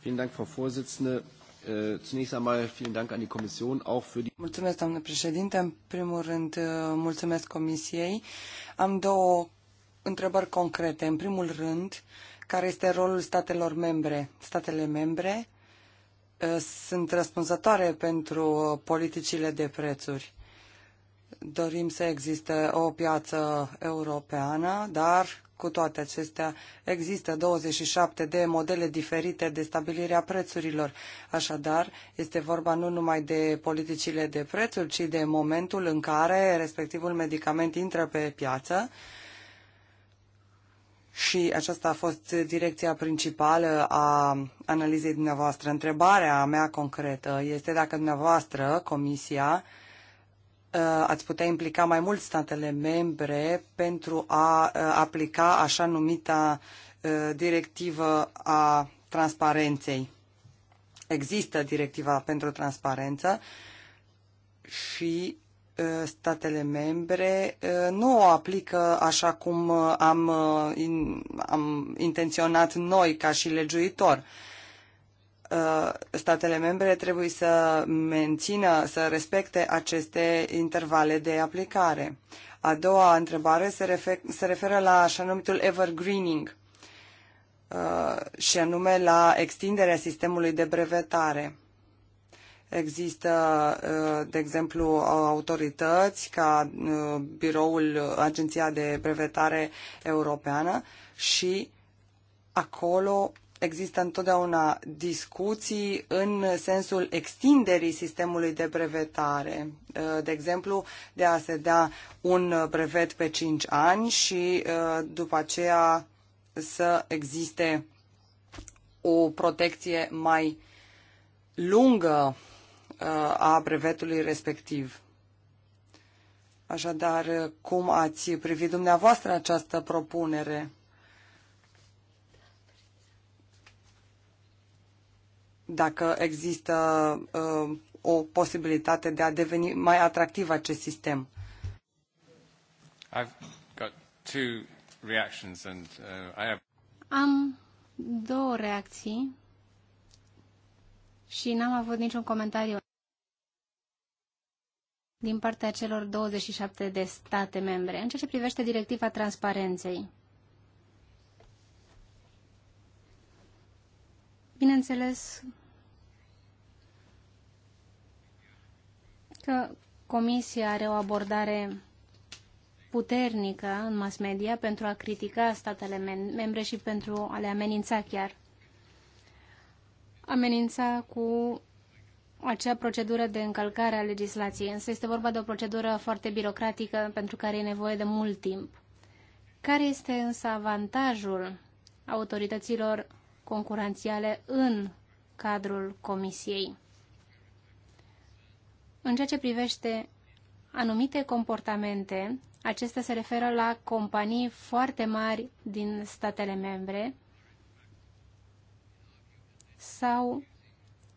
Vielen Dank, Frau Vorsitzende. Äh, zunächst einmal vielen Dank an die Kommission auch für die Mulțumesc, doamnă președinte. În primul rând, äh, mulțumesc Comisiei. Am două întrebări concrete. În primul rând, care este rolul statelor membre? Statele membre Uh, sunt răspunzătoare pentru politicile de prețuri. Dorim să existe o piață europeană, dar cu toate acestea există 27 de modele diferite de stabilire a prețurilor. Așadar, este vorba nu numai de politicile de prețuri, ci de momentul în care respectivul medicament intră pe piață, și aceasta a fost direcția principală a analizei dumneavoastră. Întrebarea mea concretă este dacă dumneavoastră, Comisia, ă, ați putea implica mai mult statele membre pentru a ă, aplica așa numita ă, directivă a transparenței. Există directiva pentru transparență și Uh, statele membre uh, nu o aplică așa cum uh, am, am intenționat noi ca și legiuitor. Statele membre trebuie să mențină, să respecte aceste intervale de aplicare. A doua întrebare se, refer, se referă la așa numitul evergreening și anume la extinderea sistemului de brevetare Există, uh, de exemplu, autorități ca uh, biroul, Agenția de Brevetare Europeană și acolo există întotdeauna discuții în sensul extinderii sistemului de brevetare. Uh, de exemplu, de a se da un brevet pe 5 ani și după aceea să existe o protecție mai lungă a brevetului respectiv. Așadar, cum ați privit dumneavoastră această propunere? Dacă există uh, o posibilitate de a deveni mai atractiv acest sistem. I've got two reactions and, uh, I have... Am două reacții și n-am avut niciun comentariu din partea celor 27 de state membre în ceea ce privește directiva transparenței. Bineînțeles că Comisia are o abordare puternică în mass media pentru a critica statele mem membre și pentru a le amenința chiar. Amenința cu acea procedură de încălcare a legislației, însă este vorba de o procedură foarte birocratică pentru care e nevoie de mult timp. Care este însă avantajul autorităților concurențiale în cadrul Comisiei? În ceea ce privește anumite comportamente, acestea se referă la companii foarte mari din statele membre sau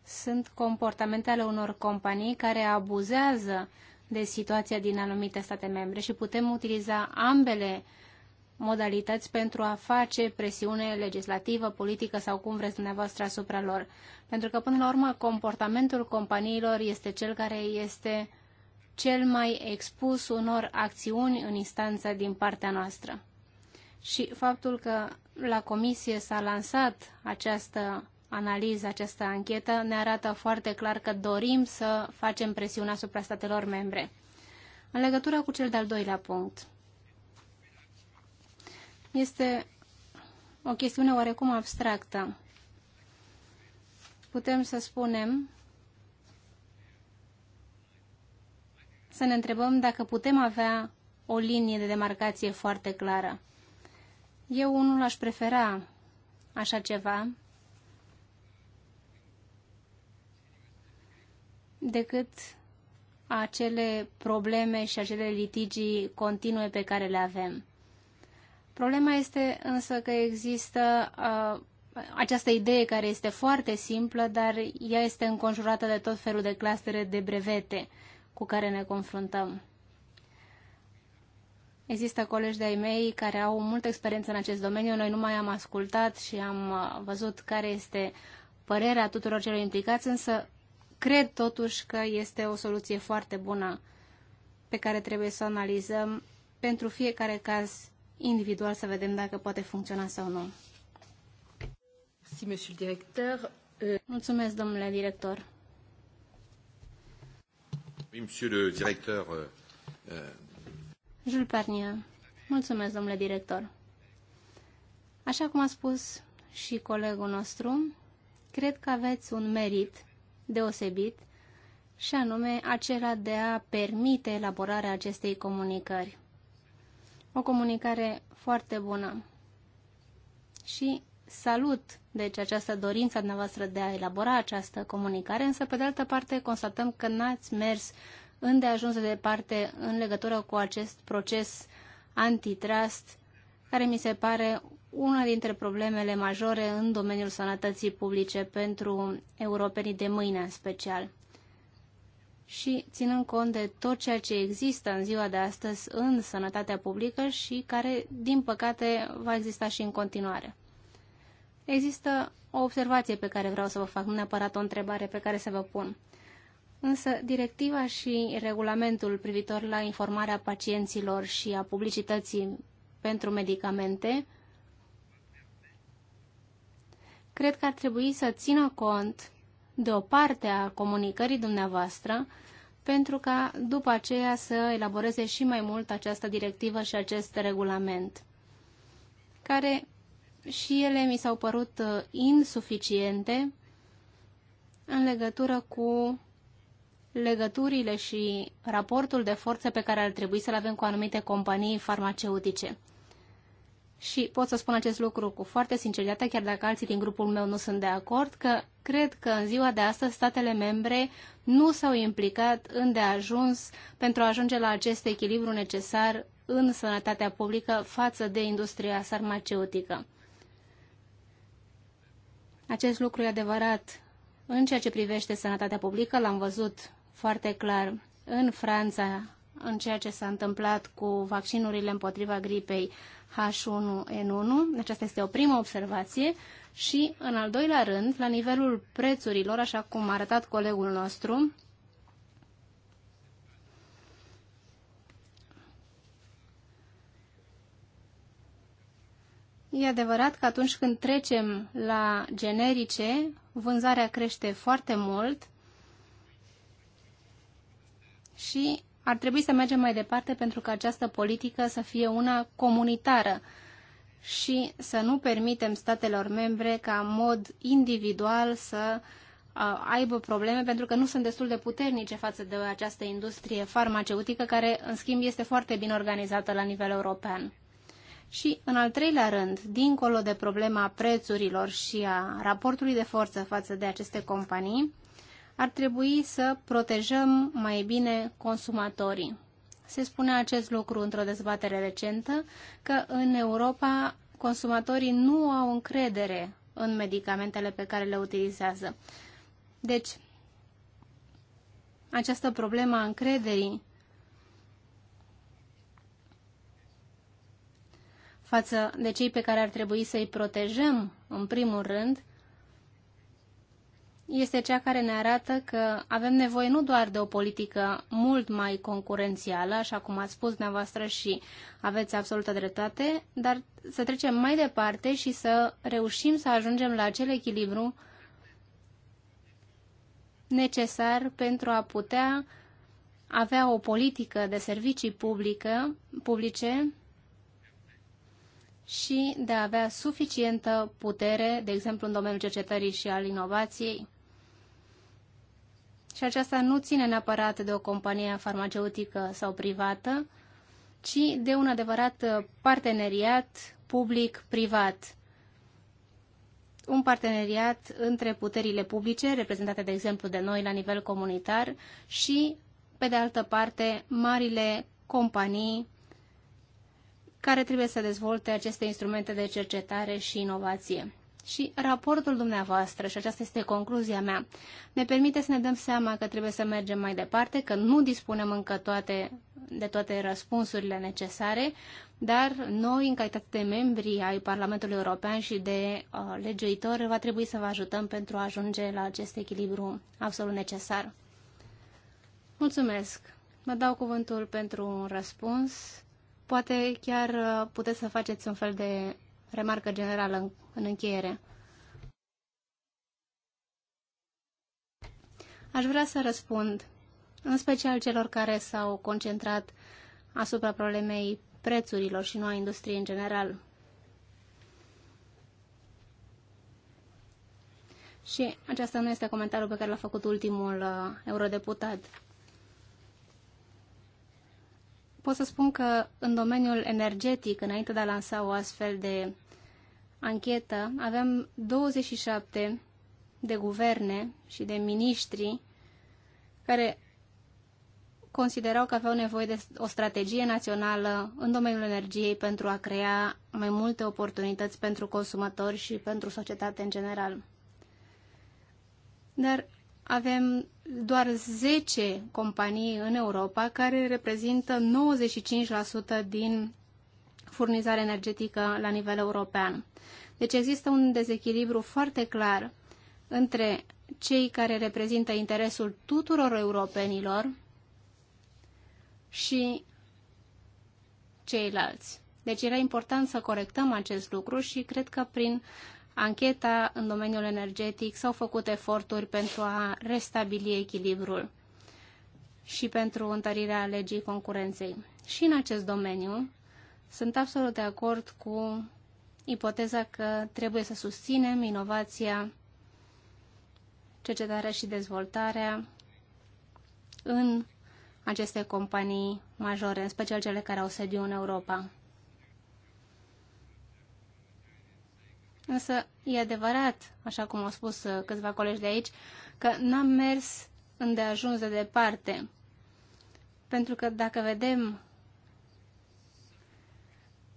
sunt comportamentele unor companii care abuzează de situația din anumite state membre și putem utiliza ambele modalități pentru a face presiune legislativă, politică sau cum vreți dumneavoastră asupra lor. Pentru că, până la urmă, comportamentul companiilor este cel care este cel mai expus unor acțiuni în instanță din partea noastră. Și faptul că la comisie s-a lansat această analiză, această anchetă, ne arată foarte clar că dorim să facem presiune asupra statelor membre. În legătură cu cel de-al doilea punct, este o chestiune oarecum abstractă. Putem să spunem, să ne întrebăm dacă putem avea o linie de demarcație foarte clară. Eu unul aș prefera așa ceva, decât acele probleme și acele litigii continue pe care le avem. Problema este însă că există uh, această idee care este foarte simplă, dar ea este înconjurată de tot felul de clastere de brevete cu care ne confruntăm. Există colegi de-ai mei care au multă experiență în acest domeniu. Noi nu mai am ascultat și am uh, văzut care este părerea tuturor celor implicați, însă Cred totuși că este o soluție foarte bună pe care trebuie să o analizăm pentru fiecare caz individual să vedem dacă poate funcționa sau nu. Euh, Mulțumesc, domnule director. Oui, monsieur le directeur. Euh... euh. Jules Parnia. Mulțumesc, domnule director. Așa cum a spus și colegul nostru, cred că aveți un merit deosebit, și anume acela de a permite elaborarea acestei comunicări. O comunicare foarte bună. Și salut, deci, această dorință noastră de a elabora această comunicare, însă, pe de altă parte, constatăm că n-ați mers îndeajuns de departe în legătură cu acest proces antitrust, care mi se pare una dintre problemele majore în domeniul sănătății publice pentru europenii de mâine în special. Și ținând cont de tot ceea ce există în ziua de astăzi în sănătatea publică și care, din păcate, va exista și în continuare. Există o observație pe care vreau să vă fac, nu neapărat o întrebare pe care să vă pun. Însă, directiva și regulamentul privitor la informarea pacienților și a publicității pentru medicamente cred că ar trebui să țină cont de o parte a comunicării dumneavoastră pentru ca după aceea să elaboreze și mai mult această directivă și acest regulament, care și ele mi s-au părut uh, insuficiente în legătură cu legăturile și raportul de forțe pe care ar trebui să-l avem cu anumite companii farmaceutice și pot să spun acest lucru cu foarte sinceritate, chiar dacă alții din grupul meu nu sunt de acord, că cred că în ziua de astăzi statele membre nu s-au implicat îndeajuns pentru a ajunge la acest echilibru necesar în sănătatea publică față de industria farmaceutică. Acest lucru e adevărat în ceea ce privește sănătatea publică, l-am văzut foarte clar în Franța în ceea ce s-a întâmplat cu vaccinurile împotriva gripei H1N1. Aceasta este o primă observație. Și, în al doilea rând, la nivelul prețurilor, așa cum a arătat colegul nostru, E adevărat că atunci când trecem la generice, vânzarea crește foarte mult și ar trebui să mergem mai departe pentru că această politică să fie una comunitară și să nu permitem statelor membre ca în mod individual să aibă probleme pentru că nu sunt destul de puternice față de această industrie farmaceutică care, în schimb, este foarte bine organizată la nivel european. Și, în al treilea rând, dincolo de problema prețurilor și a raportului de forță față de aceste companii, ar trebui să protejăm mai bine consumatorii. Se spune acest lucru într-o dezbatere recentă că în Europa consumatorii nu au încredere în medicamentele pe care le utilizează. Deci, această problemă a încrederii față de cei pe care ar trebui să-i protejăm, în primul rând, este cea care ne arată că avem nevoie nu doar de o politică mult mai concurențială, așa cum ați spus dumneavoastră și aveți absolută dreptate, dar să trecem mai departe și să reușim să ajungem la acel echilibru necesar pentru a putea avea o politică de servicii publică, publice și de a avea suficientă putere, de exemplu în domeniul cercetării și al inovației. Și aceasta nu ține neapărat de o companie farmaceutică sau privată, ci de un adevărat uh, parteneriat public-privat. Un parteneriat între puterile publice, reprezentate de exemplu de noi la nivel comunitar, și, pe de altă parte, marile companii care trebuie să dezvolte aceste instrumente de cercetare și inovație și raportul dumneavoastră, și aceasta este concluzia mea, ne permite să ne dăm seama că trebuie să mergem mai departe, că nu dispunem încă toate, de toate răspunsurile necesare, dar noi, în calitate de membri ai Parlamentului European și de uh, legiuitor, va trebui să vă ajutăm pentru a ajunge la acest echilibru absolut necesar. Mulțumesc! Mă dau cuvântul pentru un răspuns. Poate chiar uh, puteți să faceți un fel de remarcă generală în, în încheiere. Aș vrea să răspund, în special celor care s-au concentrat asupra problemei prețurilor și nu a industriei în general. Și aceasta nu este comentariul pe care l-a făcut ultimul uh, eurodeputat pot să spun că în domeniul energetic, înainte de a lansa o astfel de anchetă, avem 27 de guverne și de miniștri care considerau că aveau nevoie de o strategie națională în domeniul energiei pentru a crea mai multe oportunități pentru consumatori și pentru societate în general. Dar avem doar 10 companii în Europa care reprezintă 95% din furnizare energetică la nivel european. Deci există un dezechilibru foarte clar între cei care reprezintă interesul tuturor europenilor și ceilalți. Deci era important să corectăm acest lucru și cred că prin ancheta în domeniul energetic, s-au făcut eforturi pentru a restabili echilibrul și pentru întărirea legii concurenței. Și în acest domeniu sunt absolut de acord cu ipoteza că trebuie să susținem inovația, cercetarea și dezvoltarea în aceste companii majore, în special cele care au sediu în Europa. Însă e adevărat, așa cum au spus uh, câțiva colegi de aici, că n-am mers îndeajuns de departe. Pentru că dacă vedem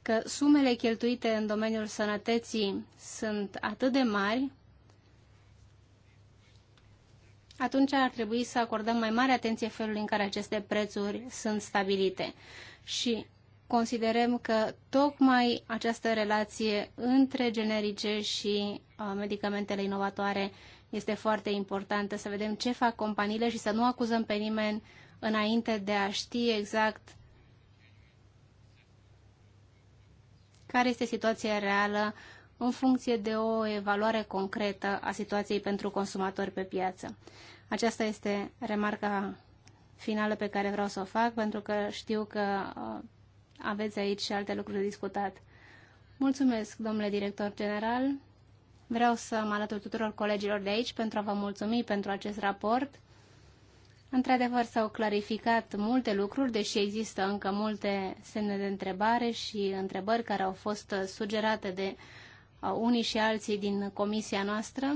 că sumele cheltuite în domeniul sănătății sunt atât de mari, atunci ar trebui să acordăm mai mare atenție felului în care aceste prețuri sunt stabilite. Și considerăm că tocmai această relație între generice și uh, medicamentele inovatoare este foarte importantă, să vedem ce fac companiile și să nu acuzăm pe nimeni înainte de a ști exact care este situația reală în funcție de o evaluare concretă a situației pentru consumatori pe piață. Aceasta este remarca finală pe care vreau să o fac, pentru că știu că uh, aveți aici și alte lucruri de discutat. Mulțumesc, domnule director general. Vreau să mă alătur tuturor colegilor de aici pentru a vă mulțumi pentru acest raport. Într-adevăr, s-au clarificat multe lucruri, deși există încă multe semne de întrebare și întrebări care au fost sugerate de unii și alții din comisia noastră,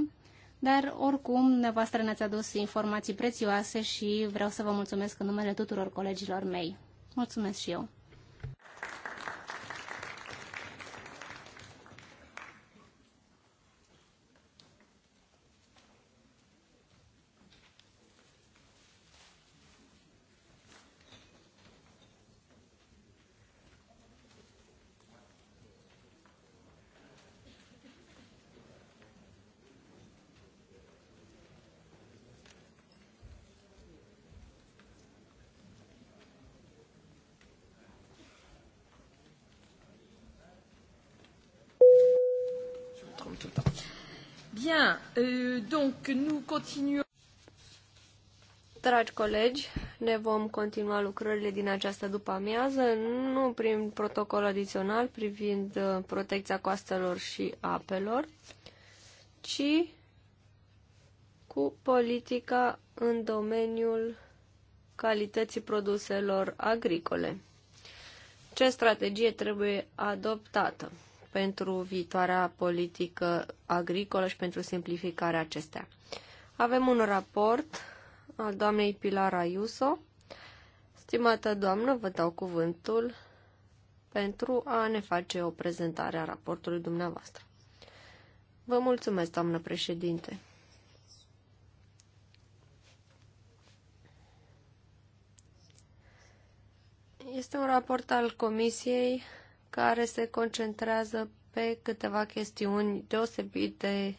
dar oricum, dumneavoastră ne-ați adus informații prețioase și vreau să vă mulțumesc în numele tuturor colegilor mei. Mulțumesc și eu! Bien, euh, donc nous continuons. Dragi colegi, ne vom continua lucrările din această după-amiază, nu prin protocol adițional privind uh, protecția coastelor și apelor, ci cu politica în domeniul calității produselor agricole. Ce strategie trebuie adoptată? pentru viitoarea politică agricolă și pentru simplificarea acestea. Avem un raport al doamnei Pilar Ayuso. Stimată doamnă, vă dau cuvântul pentru a ne face o prezentare a raportului dumneavoastră. Vă mulțumesc, doamnă președinte. Este un raport al Comisiei care se concentrează pe câteva chestiuni deosebit de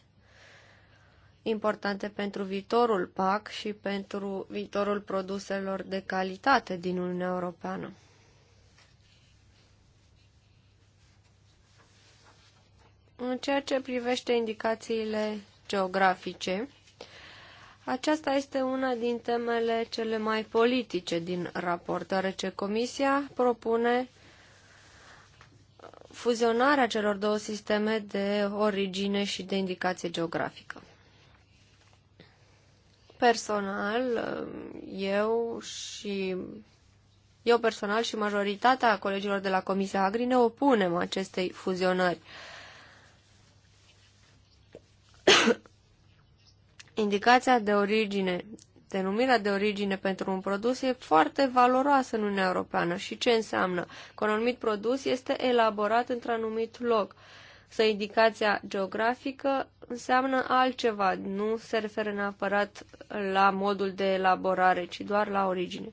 importante pentru viitorul PAC și pentru viitorul produselor de calitate din Uniunea Europeană. În ceea ce privește indicațiile geografice, aceasta este una din temele cele mai politice din raport, deoarece Comisia propune fuzionarea celor două sisteme de origine și de indicație geografică. Personal, eu și eu personal și majoritatea colegilor de la Comisia Agri ne opunem acestei fuzionări. Indicația de origine denumirea de origine pentru un produs e foarte valoroasă în Uniunea Europeană. Și ce înseamnă? Că un anumit produs este elaborat într-un anumit loc. Să indicația geografică înseamnă altceva, nu se referă neapărat la modul de elaborare, ci doar la origine.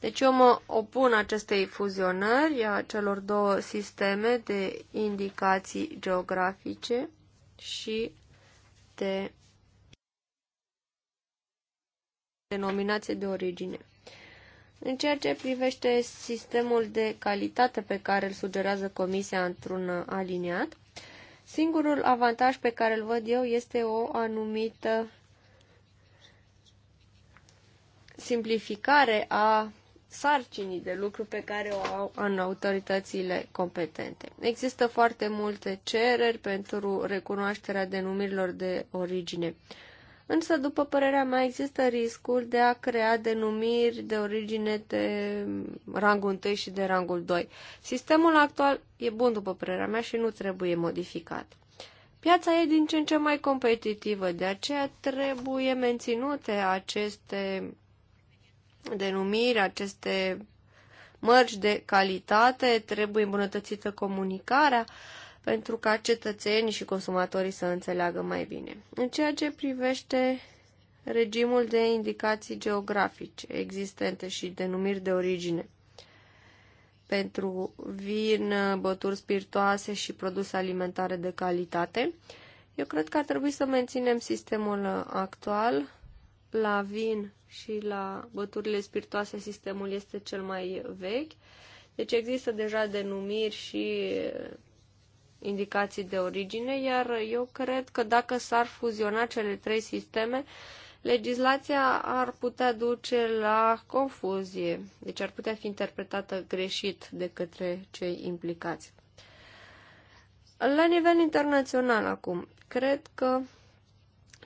Deci eu mă opun acestei fuzionări a celor două sisteme de indicații geografice și de denominație de origine. În ceea ce privește sistemul de calitate pe care îl sugerează Comisia într-un aliniat, singurul avantaj pe care îl văd eu este o anumită simplificare a sarcinii de lucru pe care o au în autoritățile competente. Există foarte multe cereri pentru recunoașterea denumirilor de origine. Uh, Însă, după părerea mea, există riscul de a crea denumiri de origine de rangul 1 și de rangul 2. Sistemul actual e bun, după părerea mea, și nu trebuie modificat. Piața e din ce în ce mai competitivă, de aceea trebuie menținute aceste denumiri, aceste mărci de calitate, trebuie îmbunătățită comunicarea. Uh, pentru ca cetățenii și consumatorii să înțeleagă mai bine. În ceea ce privește regimul de indicații geografice existente și denumiri de origine pentru vin, bături spiritoase și produse alimentare de calitate, eu cred că ar trebui să menținem sistemul actual. La vin și la băturile spiritoase sistemul este cel mai vechi. Deci există deja denumiri și indicații de origine, iar eu cred că dacă s-ar fuziona cele trei sisteme, legislația ar putea duce la confuzie, deci ar putea fi interpretată greșit de către cei implicați. La nivel internațional acum, cred că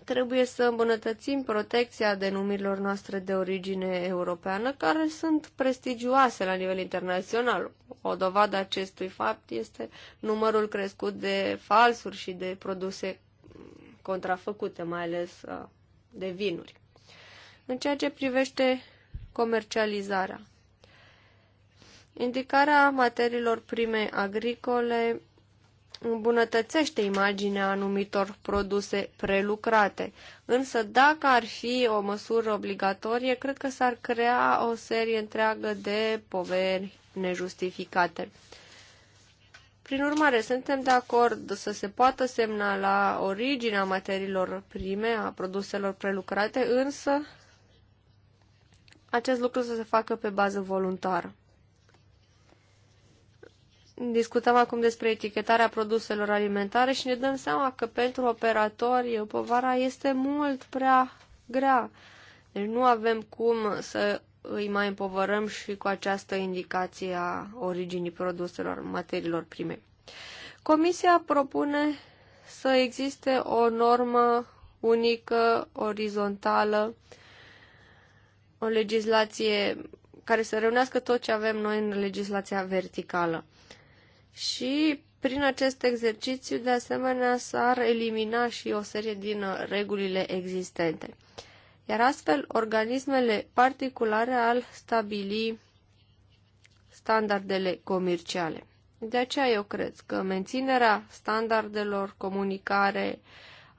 trebuie să îmbunătățim protecția denumirilor noastre de origine europeană, care sunt prestigioase la nivel internațional. O dovadă acestui fapt este numărul crescut de falsuri și de produse contrafăcute, mai ales de vinuri. În ceea ce privește comercializarea, indicarea materiilor prime agricole îmbunătățește imaginea anumitor produse prelucrate. Însă dacă ar fi o măsură obligatorie, cred că s-ar crea o serie întreagă de poveri nejustificate. Prin urmare, suntem de acord să se poată semna la originea materiilor prime, a produselor prelucrate, însă acest lucru să se facă pe bază voluntară. Discutăm acum despre etichetarea produselor alimentare și ne dăm seama că pentru operatori povara este mult prea grea. Deci nu avem cum să îi mai împovărăm și cu această indicație a originii produselor, materiilor prime. Comisia propune să existe o normă unică, orizontală, o legislație care să reunească tot ce avem noi în legislația verticală și prin acest exercițiu, de asemenea, s-ar elimina și o serie din regulile existente. Iar astfel, organismele particulare al stabili standardele comerciale. De aceea eu cred că menținerea standardelor comunicare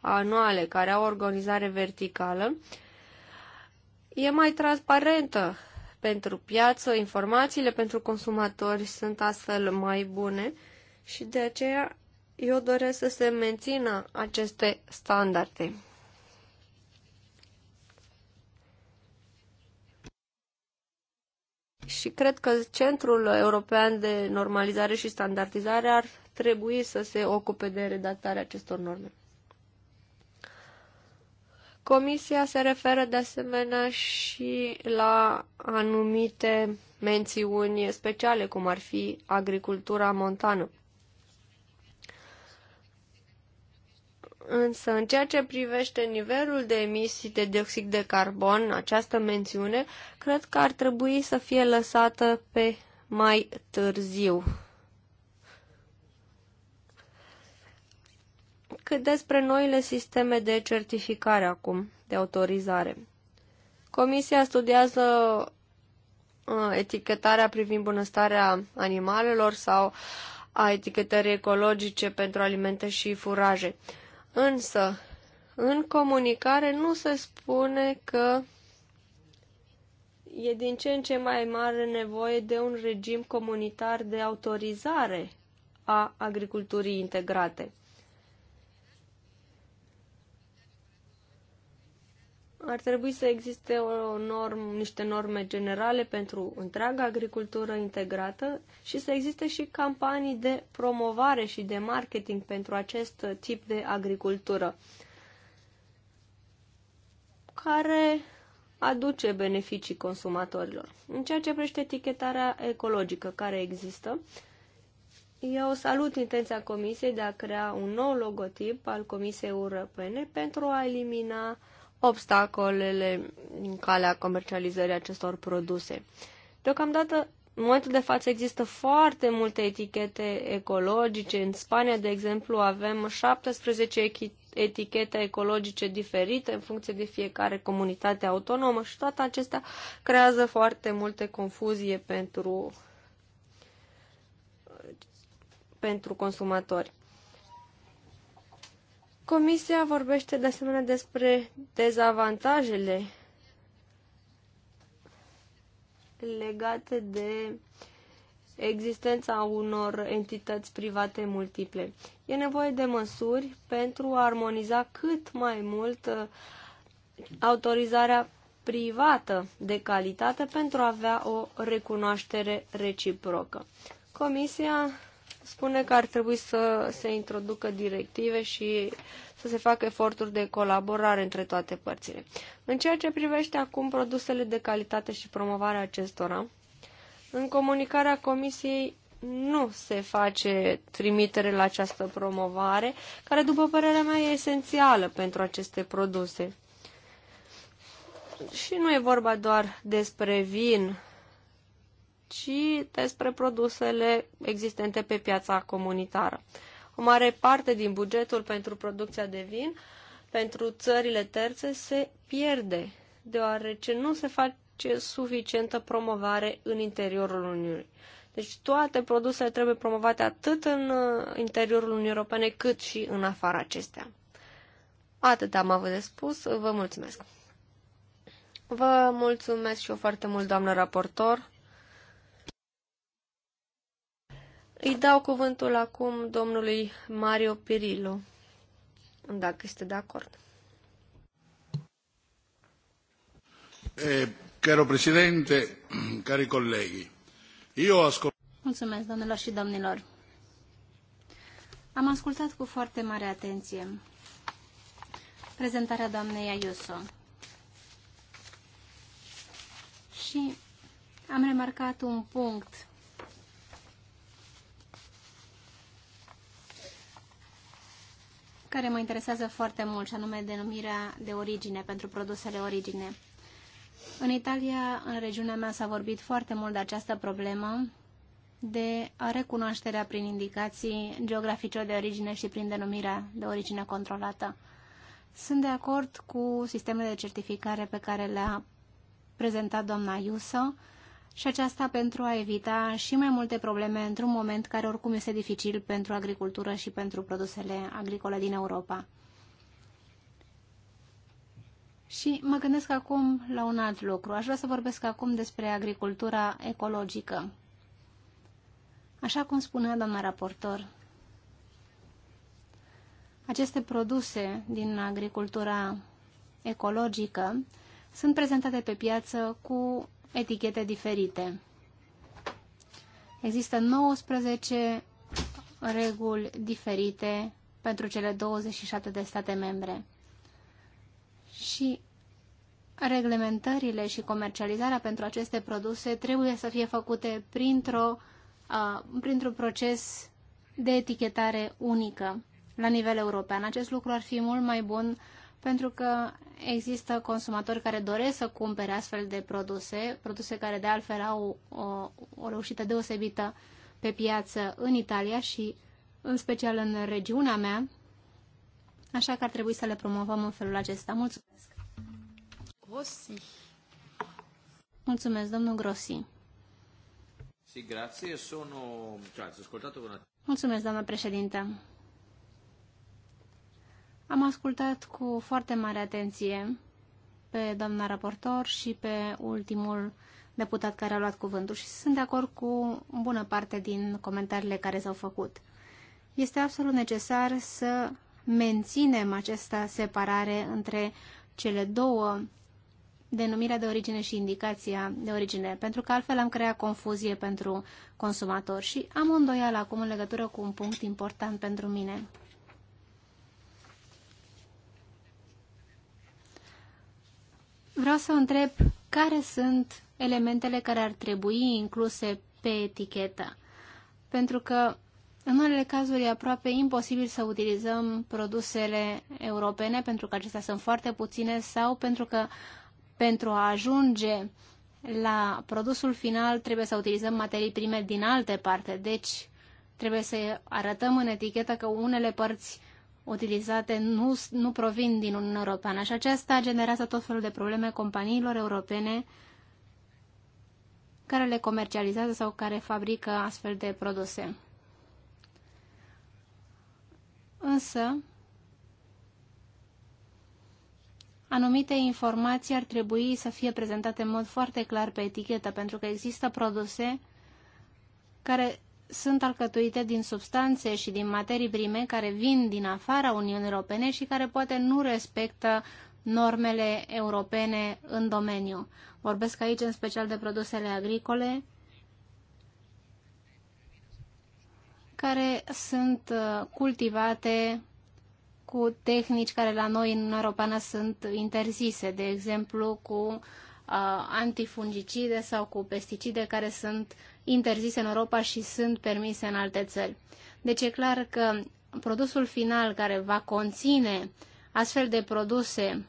anuale care au organizare verticală e mai transparentă pentru piață, informațiile pentru consumatori sunt astfel mai bune și de aceea eu doresc să se mențină aceste standarde. Și cred că Centrul European de Normalizare și Standardizare ar trebui să se ocupe de redactarea acestor norme. Comisia se referă de asemenea și la anumite mențiuni speciale, cum ar fi agricultura montană. Însă, în ceea ce privește nivelul de emisii de dioxid de carbon, această mențiune, cred că ar trebui să fie lăsată pe mai târziu, cât despre noile sisteme de certificare acum, de autorizare. Comisia studiază uh, etichetarea privind bunăstarea animalelor sau a etichetării ecologice pentru alimente și furaje. Însă, în comunicare nu se spune că e din ce în ce mai mare nevoie de un regim comunitar de autorizare a agriculturii integrate. Ar trebui să existe o norm, niște norme generale pentru întreaga agricultură integrată și să existe și campanii de promovare și de marketing pentru acest tip de agricultură care aduce beneficii consumatorilor. În ceea ce privește etichetarea ecologică care există, eu salut intenția Comisiei de a crea un nou logotip al Comisiei Europene pentru a elimina uh, obstacolele în calea comercializării acestor produse. Deocamdată, în momentul de față există foarte multe etichete ecologice. În Spania, de exemplu, avem 17 etichete ecologice diferite în funcție de fiecare comunitate autonomă și toate acestea creează foarte multe confuzie pentru pentru consumatori. Comisia vorbește de asemenea despre dezavantajele legate de existența unor entități private multiple. E nevoie de măsuri pentru a armoniza cât mai mult uh, autorizarea privată de calitate pentru a avea o recunoaștere reciprocă. Comisia spune că ar trebui să se introducă directive și să se facă eforturi de colaborare între toate părțile. În ceea ce privește acum produsele de calitate și promovarea acestora, în comunicarea Comisiei nu se face trimitere la această promovare, care, după părerea mea, e esențială pentru aceste produse. Și nu e vorba doar despre vin ci despre produsele existente pe piața comunitară. O mare parte din bugetul pentru producția de vin pentru țările terțe se pierde, deoarece nu se face suficientă promovare în interiorul Uniunii. Deci toate produsele trebuie promovate atât în uh, interiorul Uniunii Europene cât și în afara acestea. Atât am avut de spus, vă mulțumesc. Vă mulțumesc și eu foarte mult, doamnă raportor. Îi dau cuvântul acum domnului Mario Pirillo, dacă este de acord. Eh, caro președinte, cari colegi, eu ascult... Mulțumesc, domnilor și domnilor. Am ascultat cu foarte mare atenție prezentarea doamnei Ayuso. Și am remarcat un punct care mă interesează foarte mult, și anume denumirea de origine pentru produsele origine. În Italia, în regiunea mea, s-a vorbit foarte mult de această problemă de a recunoașterea prin indicații geografice de origine și prin denumirea de origine controlată. Sunt de acord cu sistemele de certificare pe care le-a prezentat doamna Iusă, și aceasta pentru a evita și mai multe probleme într-un moment care oricum este dificil pentru agricultură și pentru produsele agricole din Europa. Și mă gândesc acum la un alt lucru. Aș vrea să vorbesc acum despre agricultura ecologică. Așa cum spunea doamna raportor, aceste produse din agricultura ecologică sunt prezentate pe piață cu etichete diferite. Există 19 reguli diferite pentru cele 27 de state membre. Și reglementările și comercializarea pentru aceste produse trebuie să fie făcute printr-o, printr-un proces de etichetare unică la nivel european. Acest lucru ar fi mult mai bun pentru că există consumatori care doresc să cumpere astfel de produse, produse care de altfel au o, o reușită deosebită pe piață în Italia și în special în regiunea mea, așa că ar trebui să le promovăm în felul acesta. Mulțumesc! Grossi. Mulțumesc, domnul Grossi. grazie, sono... Cioè, ascoltato con Mulțumesc, doamnă președinte. Am ascultat cu foarte mare atenție pe doamna raportor și pe ultimul deputat care a luat cuvântul și sunt de acord cu bună parte din comentariile care s-au făcut. Este absolut necesar să menținem această separare între cele două, denumirea de origine și indicația de origine, pentru că altfel am creat confuzie pentru consumator și am îndoială acum în legătură cu un punct important pentru mine. Vreau să întreb care sunt elementele care ar trebui incluse pe etichetă. Pentru că în unele cazuri e aproape imposibil să utilizăm produsele europene pentru că acestea sunt foarte puține sau pentru că pentru a ajunge la produsul final trebuie să utilizăm materii prime din alte parte. Deci trebuie să arătăm în etichetă că unele părți utilizate nu, nu provin din Uniunea Europeană și aceasta generează tot felul de probleme companiilor europene care le comercializează sau care fabrică astfel de produse. Însă, anumite informații ar trebui să fie prezentate în mod foarte clar pe etichetă, pentru că există produse care sunt alcătuite din substanțe și din materii prime care vin din afara Uniunii Europene și care poate nu respectă normele europene în domeniu. Vorbesc aici în special de produsele agricole, care sunt uh, cultivate cu tehnici care la noi în Uniunea Europeană sunt interzise, de exemplu cu uh, antifungicide sau cu pesticide care sunt interzise în Europa și sunt permise în alte țări. Deci e clar că produsul final care va conține astfel de produse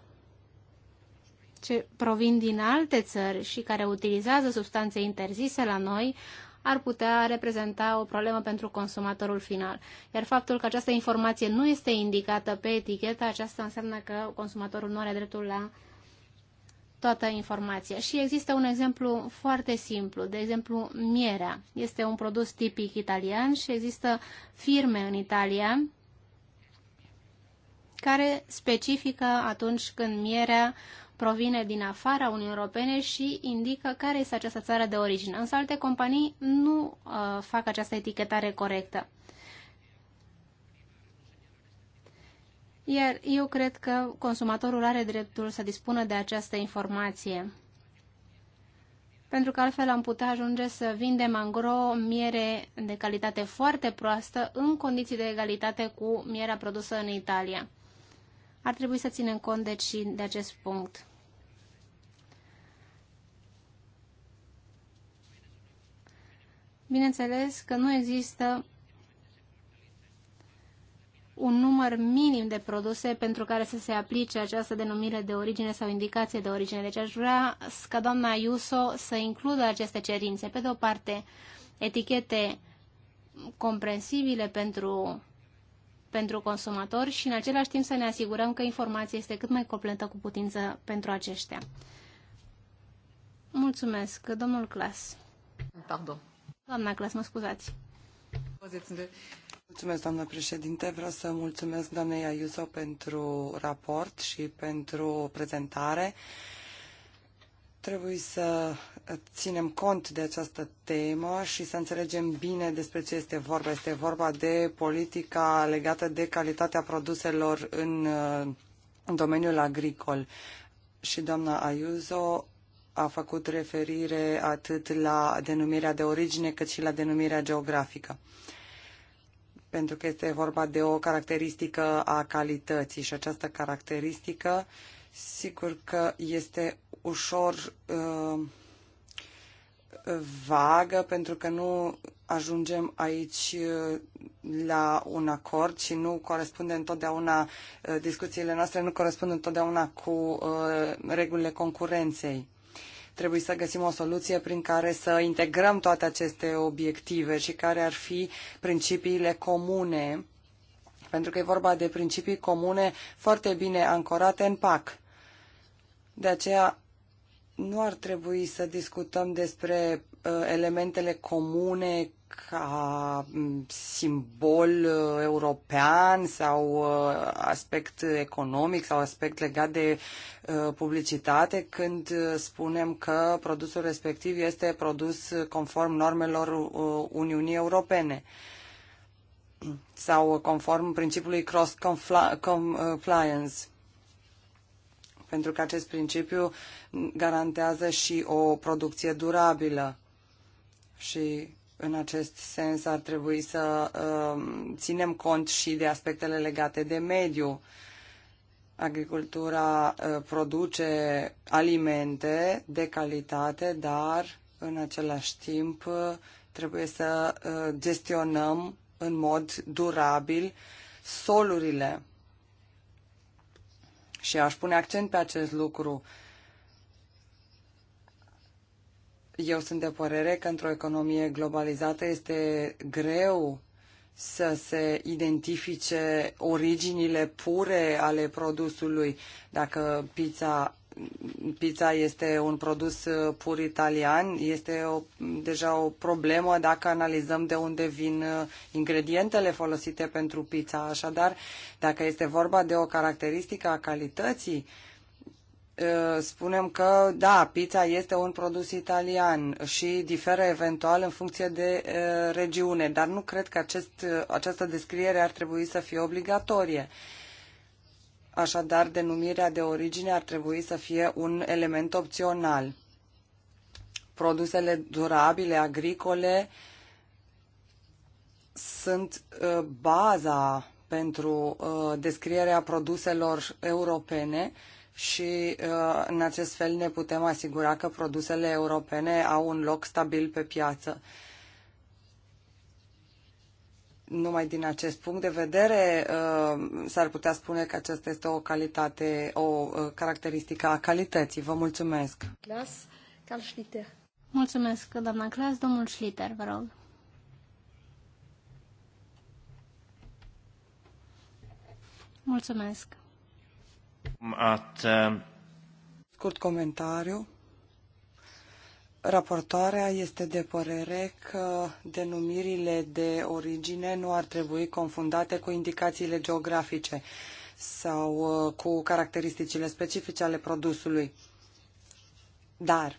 ce provin din alte țări și care utilizează substanțe interzise la noi, ar putea reprezenta o problemă pentru consumatorul final. Iar faptul că această informație nu este indicată pe etichetă, aceasta înseamnă că consumatorul nu are dreptul la toată informația. Și există un exemplu foarte simplu, de exemplu mierea. Este un produs tipic italian și există firme în Italia care specifică atunci când mierea provine din afara Uniunii Europene și indică care este această țară de origine. Însă alte companii nu uh, fac această etichetare corectă. Iar eu cred că consumatorul are dreptul să dispună de această informație. Pentru că altfel am putea ajunge să vindem angro miere de calitate foarte proastă în condiții de egalitate cu mierea produsă în Italia. Ar trebui să ținem cont deci și de acest punct. Bineînțeles că nu există un număr minim de produse pentru care să se aplice această denumire de origine sau indicație de origine. Deci aș vrea ca doamna Iuso să includă aceste cerințe. Pe de o parte, etichete comprensibile pentru, pentru consumatori și în același timp să ne asigurăm că informația este cât mai completă cu putință pentru aceștia. Mulțumesc, domnul Clas. Pardon. Doamna Clas, mă scuzați. Mulțumesc, doamnă președinte. Vreau să mulțumesc doamnei Ayuso pentru raport și pentru prezentare. Trebuie să ținem cont de această temă și să înțelegem bine despre ce este vorba. Este vorba de politica legată de calitatea produselor în, în domeniul agricol. Și doamna Ayuso a făcut referire atât la denumirea de origine cât și la denumirea geografică pentru că este vorba de o caracteristică a calității și această caracteristică sigur că este ușor uh, vagă pentru că nu ajungem aici uh, la un acord și nu corespunde întotdeauna, uh, discuțiile noastre nu corespund întotdeauna cu uh, regulile concurenței. Trebuie să găsim o soluție prin care să integrăm toate aceste obiective și care ar fi principiile comune, pentru că e vorba de principii comune foarte bine ancorate în PAC. De aceea nu ar trebui să discutăm despre uh, elementele comune ca mm, simbol uh, european sau uh, aspect economic sau aspect legat de publicitate când spunem că produsul respectiv este produs conform normelor Uniunii Europene sau conform principiului cross-compliance pentru că acest principiu garantează și o producție durabilă. Și în acest sens ar trebui să uh, ținem cont și de aspectele legate de mediu. Agricultura uh, produce alimente de calitate, dar în același timp uh, trebuie să uh, gestionăm în mod durabil solurile și aș pune accent pe acest lucru. Eu sunt de părere că într-o economie globalizată este greu să se identifice originile pure ale produsului. Dacă pizza pizza este un produs uh, pur italian, este o, deja o problemă dacă analizăm de unde vin uh, ingredientele folosite pentru pizza. Așadar, dacă este vorba de o caracteristică a calității, uh, spunem că, da, pizza este un produs italian și diferă eventual în funcție de regiune, dar nu cred că acest, această descriere ar trebui să fie obligatorie. Așadar, denumirea de origine ar trebui să fie un element opțional. Produsele durabile, agricole, sunt uh, baza pentru uh, descrierea produselor europene și uh, în acest fel ne putem asigura că produsele europene au un loc stabil pe piață. Uh, numai din acest punct de vedere uh, s-ar putea spune că aceasta este o calitate, o uh, caracteristică a calității. Vă mulțumesc. Clas, Carl Schlitter. Mulțumesc, doamna Clas. Domnul Schlitter, vă rog. Mulțumesc. At, uh... Scurt comentariu. Raportoarea este de părere că denumirile de origine nu ar trebui confundate cu indicațiile geografice sau uh, cu caracteristicile specifice ale produsului. Dar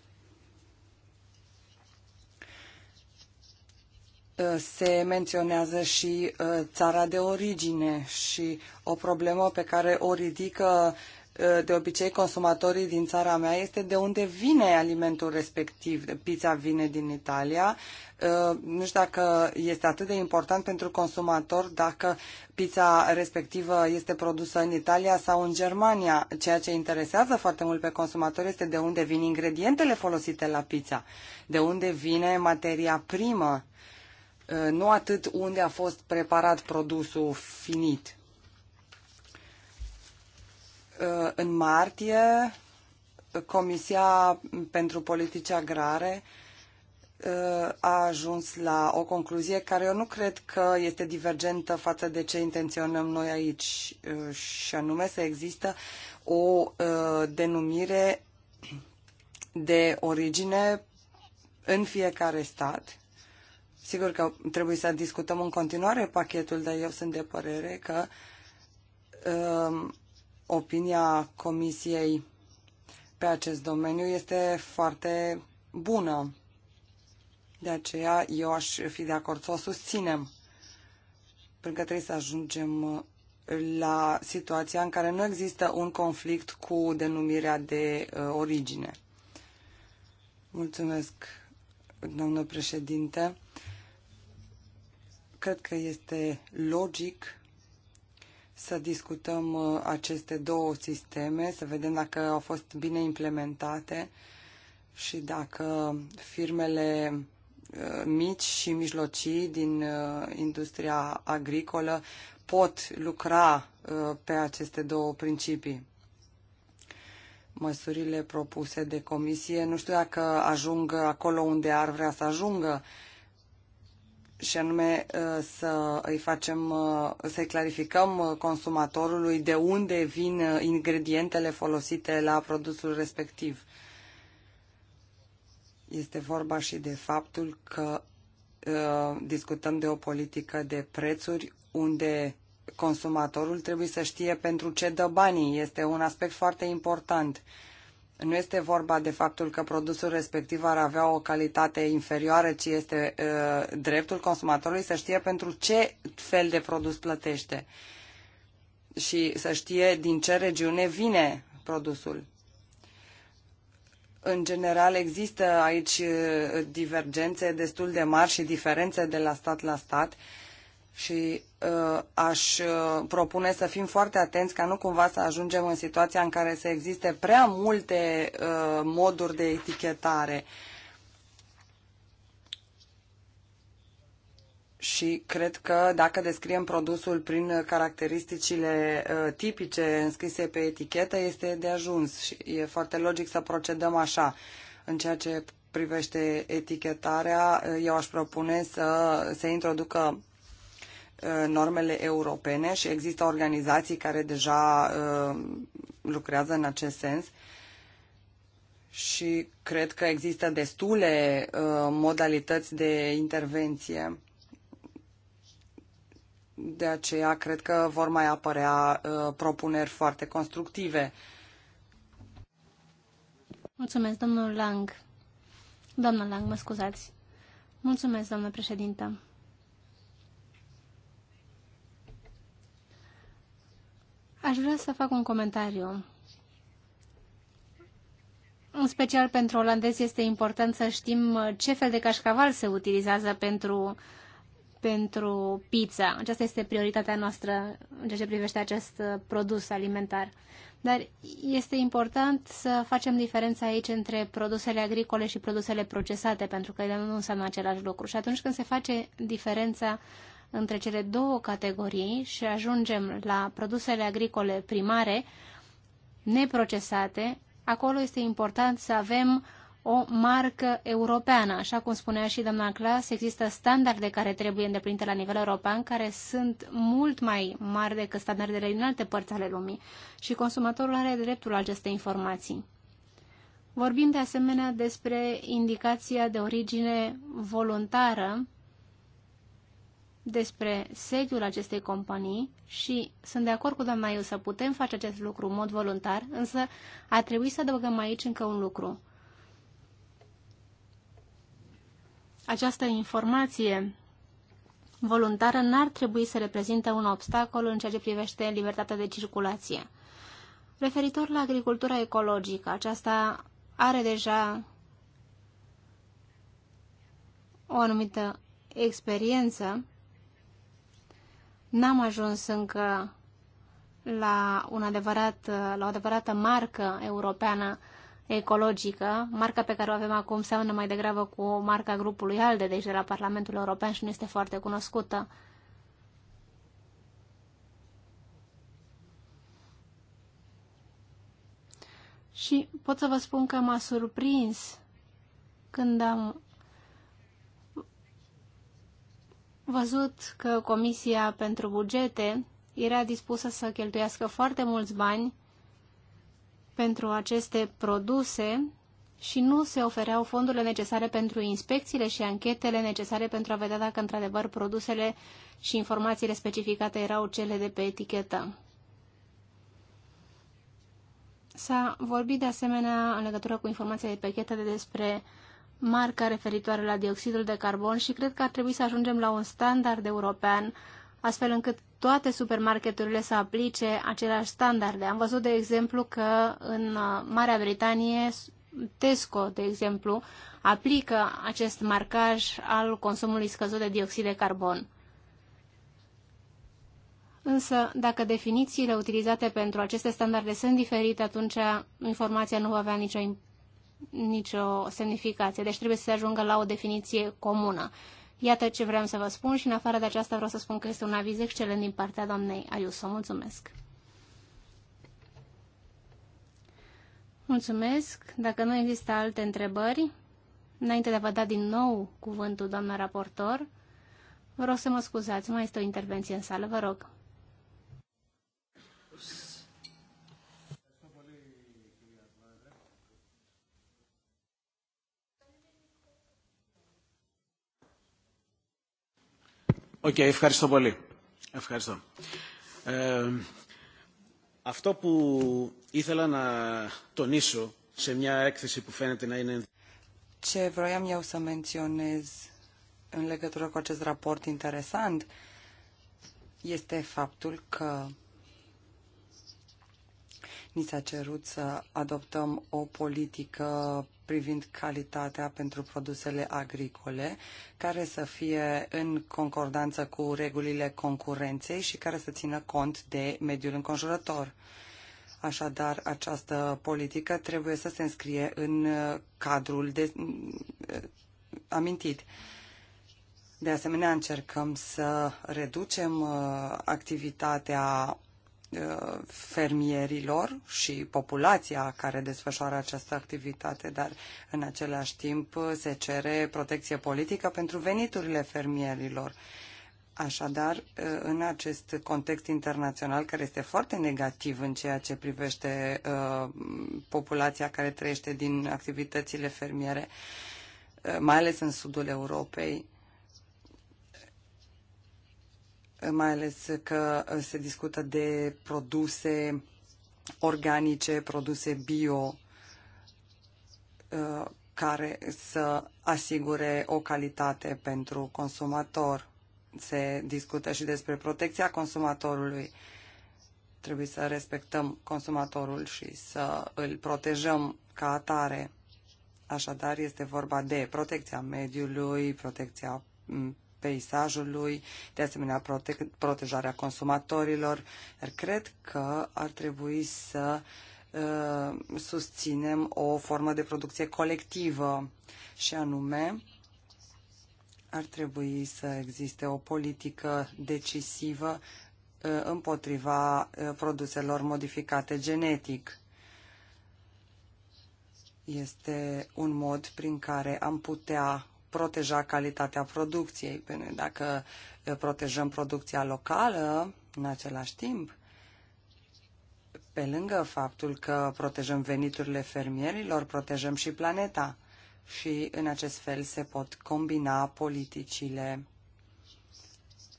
uh, se menționează și uh, țara de origine și o problemă pe care o ridică Eh, de obicei consumatorii din țara mea este de unde vine alimentul respectiv. Pizza vine din Italia. Eh, nu știu dacă este atât de important pentru consumator dacă pizza respectivă este produsă în Italia sau în Germania. Ceea ce interesează foarte mult pe consumator este de unde vin ingredientele folosite la pizza, de unde vine materia primă, eh, nu atât unde a fost preparat produsul finit. Uh, în martie, Comisia pentru Politici Agrare uh, a ajuns la o concluzie care eu nu cred că este divergentă față de ce intenționăm noi aici, uh, și anume să există o denumire de origine în fiecare stat. Sigur că trebuie să discutăm în continuare pachetul, dar eu sunt de părere că opinia Comisiei pe acest domeniu este foarte bună. De aceea eu aș fi de acord să o susținem. Pentru că trebuie să ajungem la situația în care nu există un conflict cu denumirea de uh, origine. Mulțumesc, doamnă președinte. Cred că este logic să discutăm uh, aceste două sisteme, să vedem dacă au fost bine implementate și dacă firmele uh, mici și mijlocii din uh, industria agricolă pot lucra pe aceste două principii. Măsurile propuse de comisie, nu știu dacă ajung acolo unde ar vrea să ajungă, și anume uh, să îi facem, uh, să-i clarificăm uh, consumatorului de unde vin ingredientele folosite la produsul respectiv. Este vorba și de faptul că discutăm de o politică de prețuri unde consumatorul trebuie să știe pentru ce dă banii. Este un aspect foarte important nu este vorba de faptul că produsul respectiv ar avea o calitate inferioară, ci este uh, dreptul consumatorului să știe pentru ce fel de produs plătește și să știe din ce regiune vine produsul. În general există aici uh, divergențe destul de mari și diferențe de la stat la stat. Uh, și uh, aș uh, propune să fim foarte atenți ca nu cumva să ajungem în situația în care să existe prea multe uh, moduri de etichetare. Și cred că dacă descriem produsul prin caracteristicile uh, tipice înscrise pe etichetă, este de ajuns și e foarte logic să procedăm așa. În ceea ce privește etichetarea, uh, eu aș propune să se introducă Uh, normele europene și există organizații care deja uh, lucrează în acest sens și cred că există destule uh, modalități de intervenție. De aceea cred că vor mai apărea propuneri foarte constructive. Mulțumesc, domnul Lang. Doamna Lang, mă scuzați. Mulțumesc, doamnă președintă. Aș vrea să fac un comentariu. În special pentru olandezi este important să știm uh, ce fel de cașcaval se utilizează pentru, pentru pizza. Aceasta este prioritatea noastră în ceea ce privește acest uh, produs alimentar. Dar este important să facem diferența aici între produsele agricole și produsele procesate, pentru că ele nu înseamnă același lucru. Și atunci când se face diferența uh, între cele două categorii și ajungem la produsele agricole primare neprocesate, acolo este important să avem o marcă europeană. Așa cum spunea și doamna Clas, există standarde care trebuie îndeplinite la nivel european, care sunt mult mai mari decât standardele din alte părți ale lumii și consumatorul are dreptul la aceste informații. Vorbim de asemenea despre indicația de origine voluntară despre sediul acestei companii și sunt de acord cu doamna eu să putem face acest lucru în mod voluntar, însă ar trebui să adăugăm aici încă un lucru. Această informație voluntară n-ar trebui să reprezinte un obstacol în ceea ce privește libertatea de circulație. Referitor la agricultura ecologică, aceasta are deja o anumită experiență N-am ajuns încă la, un adevărat, la o adevărată marcă europeană ecologică. Marca pe care o avem acum seamănă mai degrabă cu marca grupului ALDE, deci de la Parlamentul European și nu este foarte cunoscută. Și pot să vă spun că m-a surprins când am văzut că Comisia pentru Bugete era dispusă să cheltuiască foarte mulți bani pentru aceste produse și nu se ofereau fondurile necesare pentru inspecțiile și anchetele necesare pentru a vedea dacă într-adevăr produsele și informațiile specificate erau cele de pe etichetă. S-a vorbit de asemenea în legătură cu informația de pe etichetă despre uh, marca referitoare la dioxidul de carbon și cred că ar trebui să ajungem la un standard european, astfel încât toate supermarketurile să aplice aceleași standarde. Am văzut, de exemplu, că în uh, Marea Britanie Tesco, de exemplu, aplică acest marcaj al consumului scăzut de dioxid de carbon. Însă, dacă definițiile utilizate pentru aceste standarde sunt diferite, atunci informația nu va avea nicio nicio semnificație, deci trebuie să se ajungă la o definiție comună. Iată ce vreau să vă spun și în afară de aceasta vreau să spun că este un aviz excelent din partea doamnei Ayuso. Mulțumesc! Mulțumesc! Dacă nu există alte întrebări, înainte de a vă da din nou cuvântul doamna raportor, vă rog să mă scuzați, mai este o intervenție în sală, vă rog. Οκ, okay, ευχαριστώ πολύ. Ευχαριστώ. Ε, αυτό που ήθελα να τονίσω σε μια έκθεση που φαίνεται να είναι... Ce vroiam eu să menționez în legătură cu acest raport interesant este faptul că Ni s-a cerut să adoptăm o politică privind calitatea pentru produsele agricole, care să fie în concordanță cu regulile concurenței și care să țină cont de mediul înconjurător. Așadar, această politică trebuie să se înscrie în cadrul de, eh, amintit. De asemenea, încercăm să reducem eh, activitatea Uh, fermierilor și populația care desfășoară această activitate, dar în același timp se cere protecție politică pentru veniturile fermierilor. Așadar, uh, în acest context internațional care este foarte negativ în ceea ce privește uh, populația care trăiește din activitățile fermiere, uh, mai ales în sudul Europei, mai ales că se discută de produse organice, produse bio, uh, care să asigure o calitate pentru consumator. Se discută și despre protecția consumatorului. Trebuie să respectăm consumatorul și să îl protejăm ca atare. Așadar, este vorba de protecția mediului, protecția peisajului, de asemenea prote- protejarea consumatorilor. Dar cred că ar trebui să uh, susținem o formă de producție colectivă și anume ar trebui să existe o politică decisivă uh, împotriva uh, produselor modificate genetic este un mod prin care am putea proteja calitatea producției. Bine, dacă protejăm producția locală, în același timp, pe lângă faptul că protejăm veniturile fermierilor, protejăm și planeta. Și în acest fel se pot combina politicile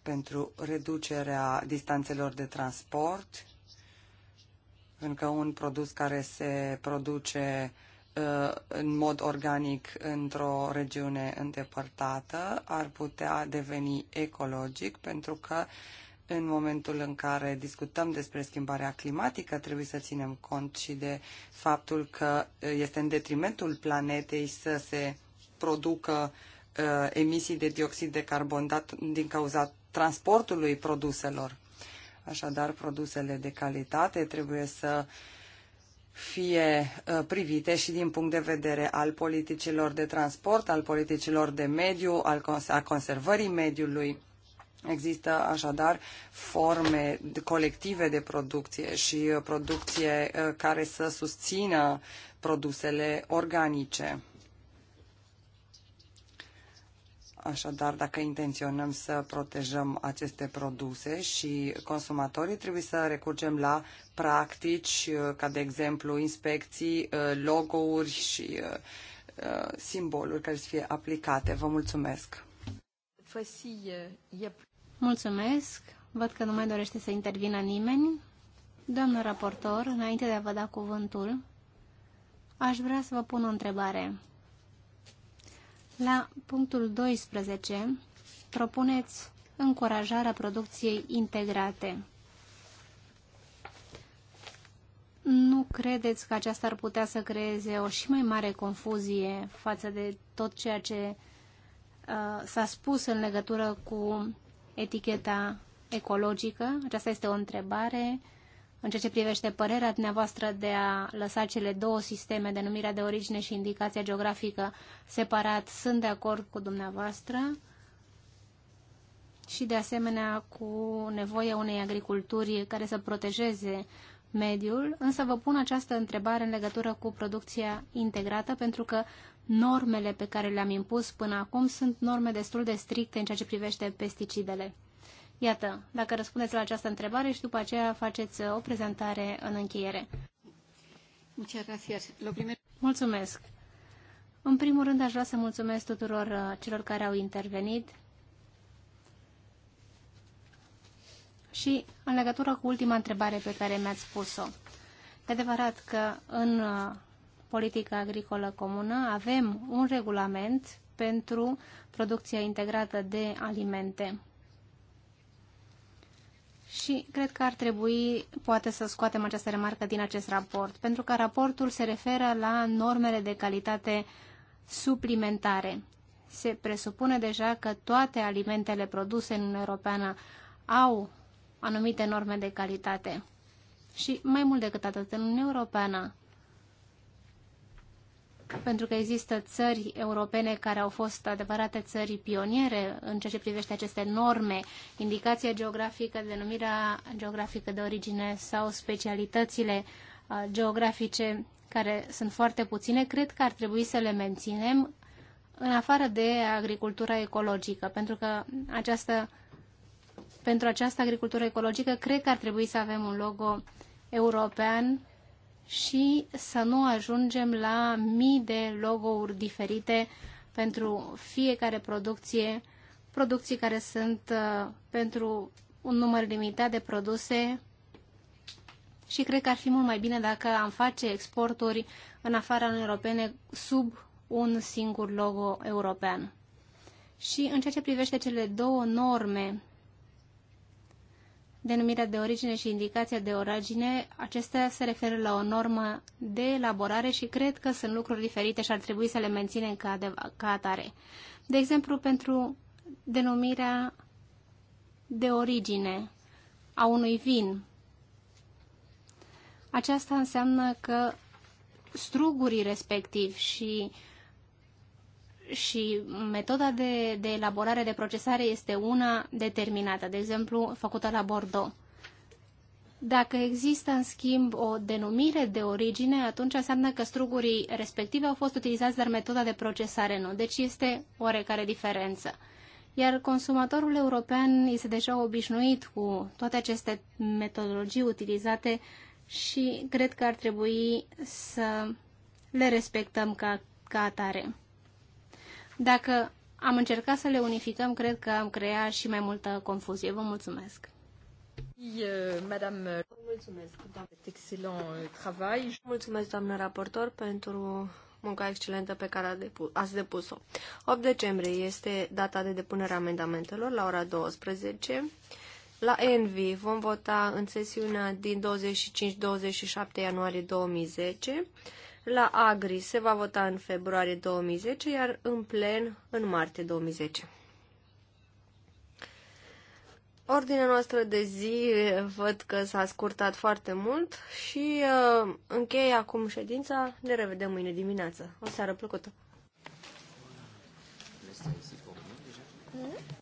pentru reducerea distanțelor de transport, pentru că un produs care se produce Uh, în mod organic într-o regiune îndepărtată ar putea deveni ecologic pentru că în momentul în care discutăm despre schimbarea climatică trebuie să ținem cont și de faptul că uh, este în detrimentul planetei să se producă uh, emisii de dioxid de carbon dat din cauza transportului produselor. Așadar, produsele de calitate trebuie să uh, fie uh, privite și din punct de vedere al politicilor de transport, al politicilor de mediu, al cons- a conservării mediului. Există așadar forme colective de producție și uh, producție uh, care să susțină produsele organice. Așadar, dacă intenționăm să protejăm aceste produse și consumatorii, trebuie să recurgem la practici, ca de exemplu inspecții, uh, logo-uri și uh, uh, simboluri care să fie aplicate. Vă mulțumesc! Mulțumesc! Văd că nu mai dorește să intervină nimeni. Doamnă raportor, înainte de a vă da cuvântul, aș vrea să vă pun o întrebare. La punctul 12 propuneți încurajarea producției integrate. Nu credeți că aceasta ar putea să creeze o și mai mare confuzie față de tot ceea ce uh, s-a spus în legătură cu eticheta ecologică? Aceasta este o întrebare. Uh, în ceea ce privește părerea dumneavoastră de a lăsa cele două sisteme, denumirea de origine și indicația geografică, separat, sunt de acord cu dumneavoastră și de asemenea cu nevoia unei agriculturi care să protejeze mediul, însă vă pun această întrebare în legătură cu producția integrată, pentru că normele pe care le-am impus până acum sunt norme destul de stricte în ceea ce privește pesticidele. Iată, dacă răspundeți la această întrebare și după aceea faceți uh, o prezentare în încheiere. Mulțumesc. În primul rând aș vrea să mulțumesc tuturor uh, celor care au intervenit și în legătură cu ultima întrebare pe care mi-ați spus-o. E adevărat că în uh, politica agricolă comună avem un regulament pentru producția integrată de alimente și cred că ar trebui poate să scoatem această remarcă din acest raport, pentru că raportul se referă la normele de calitate suplimentare. Se presupune deja că toate alimentele produse în Uniunea Europeană au anumite norme de calitate. Și mai mult decât atât, în Uniunea Europeană pentru că există țări europene care au fost adevărate țări pioniere în ceea ce privește aceste norme, indicația geografică, denumirea geografică de origine sau specialitățile uh, geografice care sunt foarte puține, cred că ar trebui să le menținem în afară de agricultura ecologică, pentru că această, pentru această agricultură ecologică cred că ar trebui să avem un logo european și să nu ajungem la mii de logo-uri diferite pentru fiecare producție, producții care sunt uh, pentru un număr limitat de produse și cred că ar fi mult mai bine dacă am face exporturi în afara Uniunii Europene sub un singur logo european. Și în ceea ce privește cele două norme denumirea de origine și indicația de origine, acestea se referă la o normă de elaborare și cred că sunt lucruri diferite și ar trebui să le menținem ca, de, ca atare. De exemplu, pentru denumirea de origine a unui vin. Aceasta înseamnă că strugurii respectiv și uh, și metoda de, de elaborare, de procesare este una determinată, de exemplu, făcută la Bordeaux. Dacă există, în schimb, o denumire de origine, atunci înseamnă că strugurii respective au fost utilizați, dar metoda de procesare nu. Deci este oarecare diferență. Iar consumatorul european este deja obișnuit cu toate aceste metodologii utilizate și cred că ar trebui să le respectăm ca, ca atare. Dacă am încercat să le unificăm, cred că am creat și mai multă confuzie. Vă mulțumesc! Euh, madame, euh, mulțumesc, doamnă, euh, travail. Mulțumesc, doamnă raportor, pentru munca excelentă pe care ați depus-o. 8 decembrie este data de depunere a amendamentelor la ora 12. La ENV vom vota în sesiunea din 25-27 ianuarie 2010 la Agri se va vota în februarie 2010, iar în plen în martie 2010. Ordinea noastră de zi văd că s-a scurtat foarte mult și uh, închei acum ședința. Ne revedem mâine dimineață. O seară plăcută!